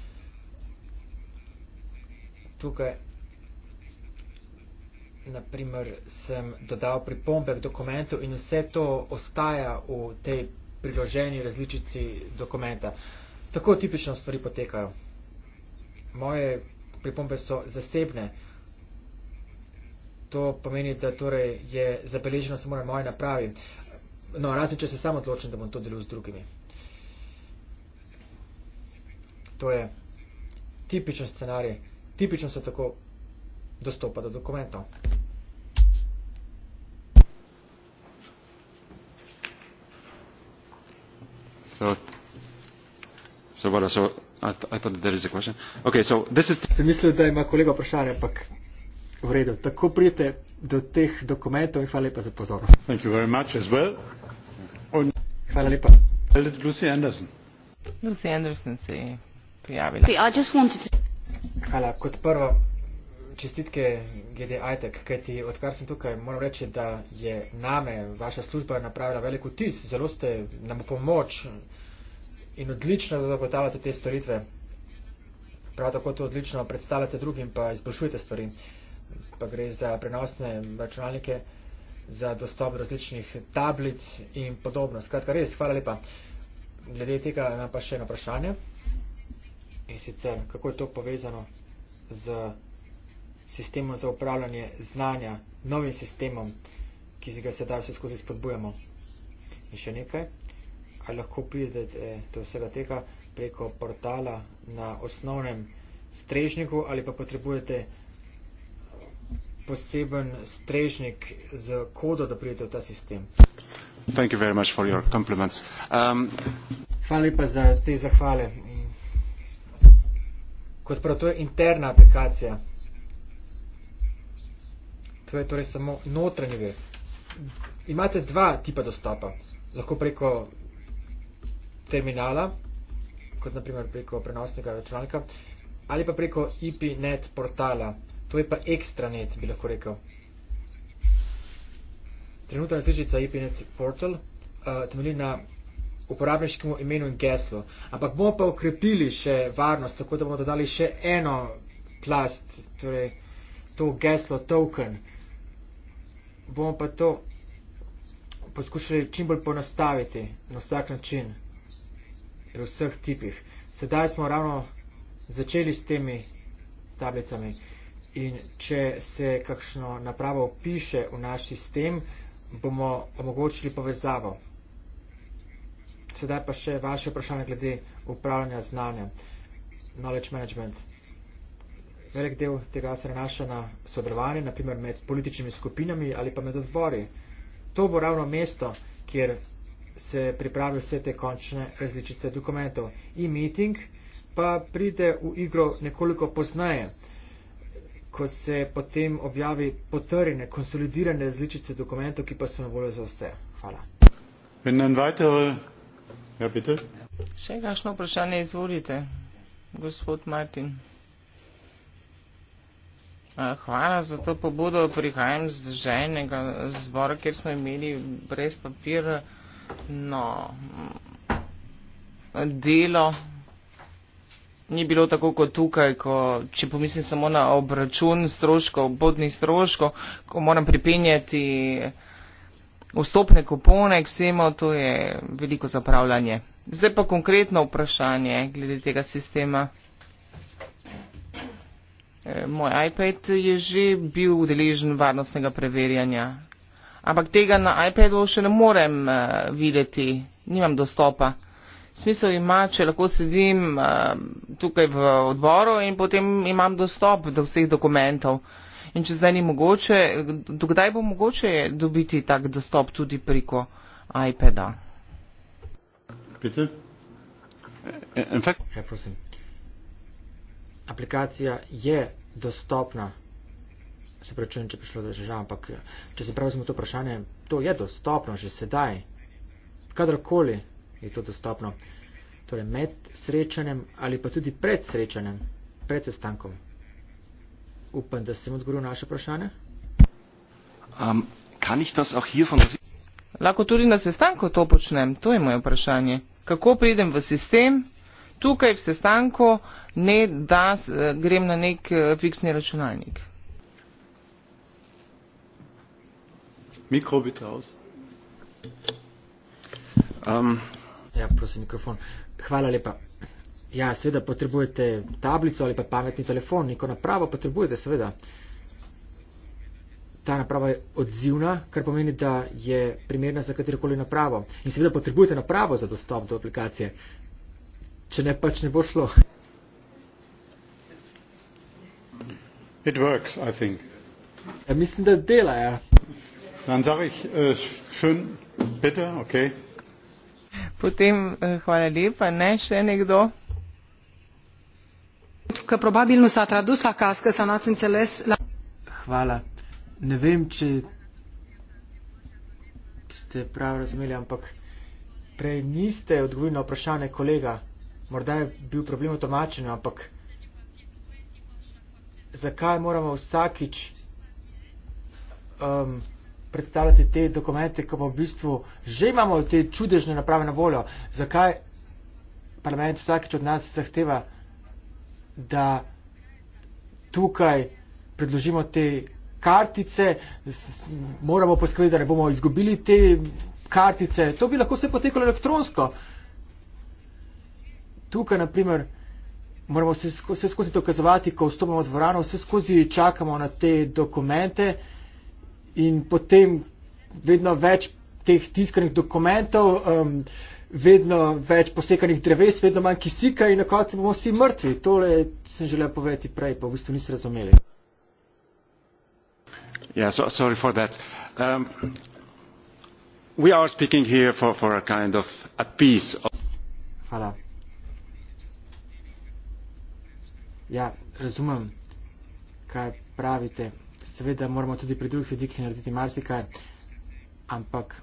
tukaj naprimer sem dodal pripombe k dokumentu in vse to ostaja v tej priloženi različici dokumenta. Tako tipično stvari potekajo. Moje pripombe so zasebne. To pomeni, da torej je zabeleženo samo na moje napravi. No, razen če se sam odločim, da bom to delil z drugimi. To je tipičen scenarij tipično se tako dostopa do dokumentov. So, so, bolj, so, I, I thought there is a question. Okay, so this is... Se misli, da ima kolega vprašanje, ampak v redu. Tako prijete do teh dokumentov in hvala lepa za pozor. Thank you very much as well. On... Hvala lepa. Lucy Anderson. Lucy Anderson se je prijavila. See, I just wanted to... Hvala. Kot prvo, čestitke glede ITEK, kajti odkar sem tukaj, moram reči, da je name vaša služba napravila veliko tis, zelo ste nam pomoč in odlično zagotavljate te storitve. Prav tako to odlično predstavljate drugim, pa izboljšujete stvari. Pa gre za prenosne računalnike, za dostop različnih tablic in podobno. Skratka, res, hvala lepa. Glede tega imam pa še eno vprašanje. In sicer, kako je to povezano z sistemom za upravljanje znanja, novim sistemom, ki ga sedaj vse skozi spodbujamo. In še nekaj, ali lahko pridete eh, do vsega tega preko portala na osnovnem strežniku ali pa potrebujete poseben strežnik z kodo, da pridete v ta sistem. Um, Hvala lepa za te zahvale kot prav to je interna aplikacija. To je torej samo notranji web. Imate dva tipa dostopa. Lahko preko terminala, kot naprimer preko prenosnega računalnika, ali pa preko IP.net e portala. To je pa extranet, bi lahko rekel. Trenutna različica IP.net e portal uh, temelji na uporabniškemu imenu in geslu. Ampak bomo pa okrepili še varnost, tako da bomo dodali še eno plast, torej to geslo token. Bomo pa to poskušali čim bolj ponastaviti na vsak način, pri vseh tipih. Sedaj smo ravno začeli s temi tablicami in če se kakšno napravo piše v naš sistem, bomo omogočili povezavo. Sedaj pa še vaše vprašanje glede upravljanja znanja, knowledge management. Velik del tega se nanaša na sodelovanje, naprimer med političnimi skupinami ali pa med odbori. To bo ravno mesto, kjer se pripravi vse te končne različice dokumentov. In meeting pa pride v igro nekoliko poznaje, ko se potem objavi potrjene, konsolidirane različice dokumentov, ki pa so na voljo za vse. Hvala. Wenn dann weitere Capital. Ja, Še kakšno vprašanje izvolite, gospod Martin. Hvala za to pobudo. Prihajam z ženega zbora, kjer smo imeli brez papira no, delo. Ni bilo tako kot tukaj, ko, če pomislim samo na obračun stroškov, bodnih stroškov, ko moram pripenjati vstopne kupone, vsemo to je veliko zapravljanje. Zdaj pa konkretno vprašanje glede tega sistema. E, moj iPad je že bil udeležen varnostnega preverjanja, ampak tega na iPadu še ne morem uh, videti, nimam dostopa. Smisel ima, če lahko sedim uh, tukaj v odboru in potem imam dostop do vseh dokumentov. Uh, in če zdaj ni mogoče, dokdaj bo mogoče dobiti tak dostop tudi preko iPada? Eh, ja, prosim. Aplikacija je dostopna. Se pravi, če prišlo do žal, ampak eh, če se pravi, smo to vprašanje, to je dostopno že sedaj. Kadarkoli je to dostopno. Torej med srečanjem ali pa tudi pred srečanjem, pred sestankom. Upam, da sem odgovoril na vaše vprašanje. Um, Lahko tudi na sestanku to počnem, to je moje vprašanje. Kako pridem v sistem, tukaj v sestanku, ne da eh, grem na nek eh, fiksni računalnik? Mikrofon. Um. Ja, prosim, mikrofon. Hvala lepa. Ja, seveda potrebujete tablico ali pa pametni telefon, neko napravo potrebujete, seveda. Ta naprava je odzivna, kar pomeni, da je primerna za katerokoli napravo. In seveda potrebujete napravo za dostop do aplikacije. Če ne, pač ne bo šlo. It works, I think. Ja, mislim, da dela, ja. Dan zarih, šun, äh, bitte, ok. Potem, äh, hvala lepa, ne, še nekdo că probabil nu s-a tradus la cască sau n-ați înțeles la... Hvala. Ne vem, če ste prav razumeli, ampak prej niste odgovorili na vprašanje kolega. Morda je bil problem v tomačenju, ampak zakaj moramo vsakič um, predstavljati te dokumente, ko pa v bistvu že imamo te čudežne naprave na voljo? Zakaj parlament vsakič od nas zahteva da tukaj predložimo te kartice, moramo poskrbeti, da ne bomo izgubili te kartice. To bi lahko vse potekalo elektronsko. Tukaj, na primer, moramo vse, vse skozi dokazovati, ko vstopamo v dvorano, vse skozi čakamo na te dokumente in potem vedno več teh tiskanih dokumentov. Um, vedno več posekanih dreves, vedno manj kisika in na koncu bomo vsi mrtvi. Tole sem želel povedati prej, pa v bistvu niste razumeli. Yeah, so, sorry for that. Um, we are speaking here for, for a kind of a piece. Of Hvala. Ja, razumem, kaj pravite. Seveda moramo tudi pri drugih vidikih narediti marsikaj, ampak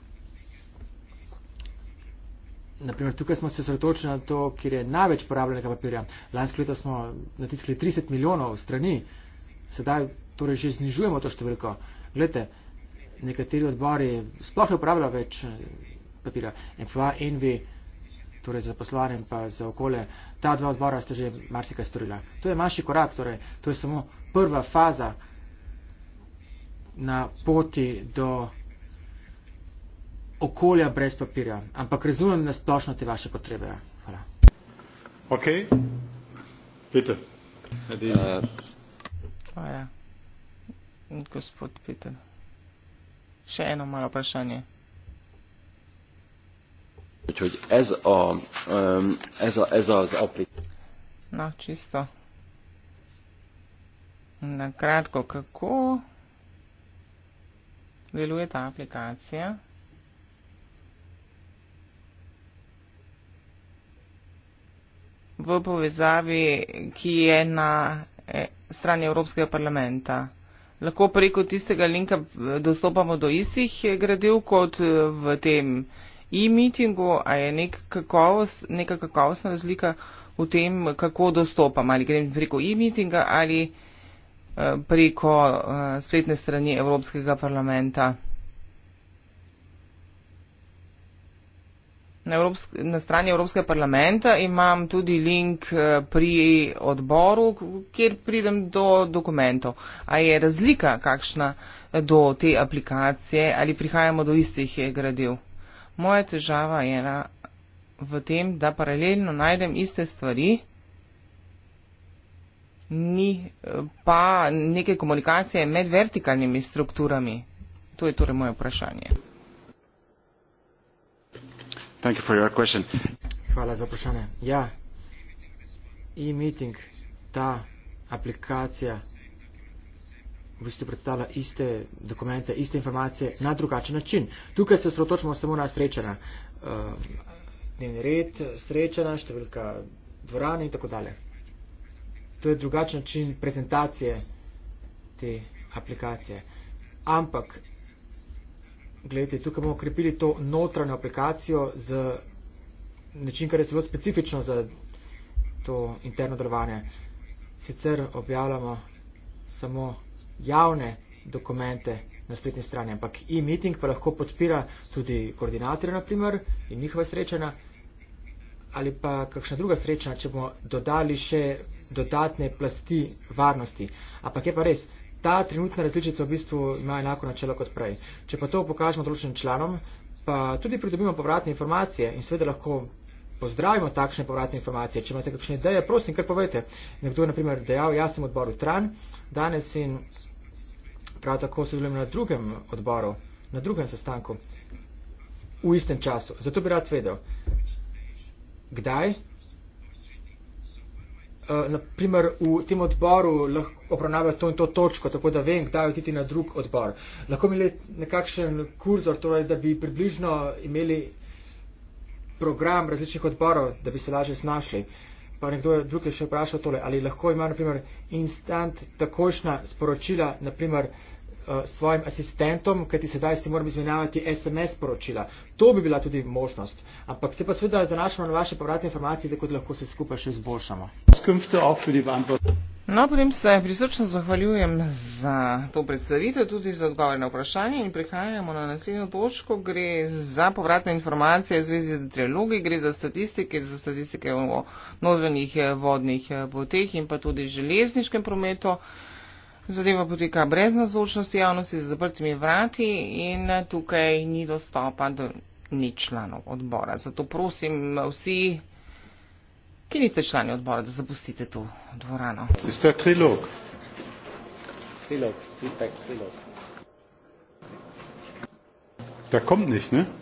naprimer, tukaj smo se sredotočili na to, kjer je največ porabljenega papirja. Lansko leto smo natiskali 30 milijonov strani, sedaj torej že znižujemo to številko. Glede, nekateri odbori sploh ne uporabljajo več eh, papirja. MFA, NV, torej za poslovanje in pa za okolje, ta dva odbora ste že marsikaj storila. To je manjši korak, torej, to je samo prva faza na poti do okolja brez papirja, ampak razumem na splošno te vaše potrebe. Hvala. Ok. Peter. Uh. Oh, ja. Gospod Peter. Še eno malo vprašanje. Hogy ez a, ez a, ez az apli. No, na, csiszta. Na, krátko, kako deluje ta aplikácia? v povezavi, ki je na eh, strani Evropskega parlamenta. Lahko preko tistega linka eh, dostopamo do istih eh, gradiv kot v tem e-meetingu, a je nek kakovost, neka kakovostna razlika v tem, kako dostopam, ali grem preko e-meetinga ali preko spletne strani Evropskega parlamenta. na, Evropsk na strani Evropskega parlamenta imam tudi link eh, pri odboru, kjer pridem do dokumentov. A je razlika kakšna eh, do te aplikacije ali prihajamo do istih eh, gradiv? Moja težava je na, v tem, da paralelno najdem iste stvari, ni pa neke komunikacije med vertikalnimi strukturami. To je torej moje vprašanje. Thank you for your question. Hvala za vprašanje. Ja, e-meeting, ta aplikacija v bistvu predstavlja iste dokumente, iste informacije na drugačen način. Tukaj se osredotočimo samo na srečanja. Dnevni ehm, red, srečanja, številka dvorane in tako dalje. To je drugačen način prezentacije te aplikacije. Ampak gledajte, tukaj bomo krepili to notranjo aplikacijo z način, kar je zelo specifično za to interno delovanje. Sicer objavljamo samo javne dokumente na spletni strani, ampak e-meeting pa lahko podpira tudi koordinatorja, na primer, in njihova srečanja ali pa kakšna druga srečanja, če bomo dodali še dodatne plasti varnosti. Ampak je pa res, ta trenutna različica v bistvu ima enako načelo kot prej. Če pa to pokažemo določenim članom, pa tudi pridobimo povratne informacije in seveda lahko pozdravimo takšne povratne informacije. Če imate kakšne ideje, prosim, kar povejte. Nekdo je na primer dejal, jaz sem odbor v Tran, danes in prav tako sodelujem na drugem odboru, na drugem sestanku v istem času. Zato bi rad vedel, kdaj Eh, naprimer v tem odboru obravnavajo to in to točko, tako da vem, kdaj oditi na drug odbor. Lahko imeli nekakšen kurzor, torej, da bi približno imeli program različnih odborov, da bi se lažje znašli. Pa nekdo drug je še vprašal tole, ali lahko ima naprimer instant takošna sporočila, naprimer eh, svojim asistentom, kajti sedaj si moram izmenjavati SMS poročila. To bi bila tudi možnost. Ampak se pa seveda zanašamo na vaše povratne informacije, tako da lahko se skupaj še izboljšamo. Auskünfte auch für die Beantwortung. No, potem se prisrčno zahvaljujem za to predstavitev, tudi za odgovore na vprašanje in prihajamo na naslednjo točko. Gre za povratne informacije v zvezi z trilogi, gre za statistike, za statistike o notranjih eh, vodnih eh, poteh in pa tudi železniškem prometu. Zadeva poteka brez navzočnosti javnosti z zaprtimi vrati in eh, tukaj ni dostopa do ni članov odbora. Zato prosim vsi ki niste člani odbora, da zapustite to dvorano. Ste trilog. Trilog, feedback trilog. Da kommt nicht, ne?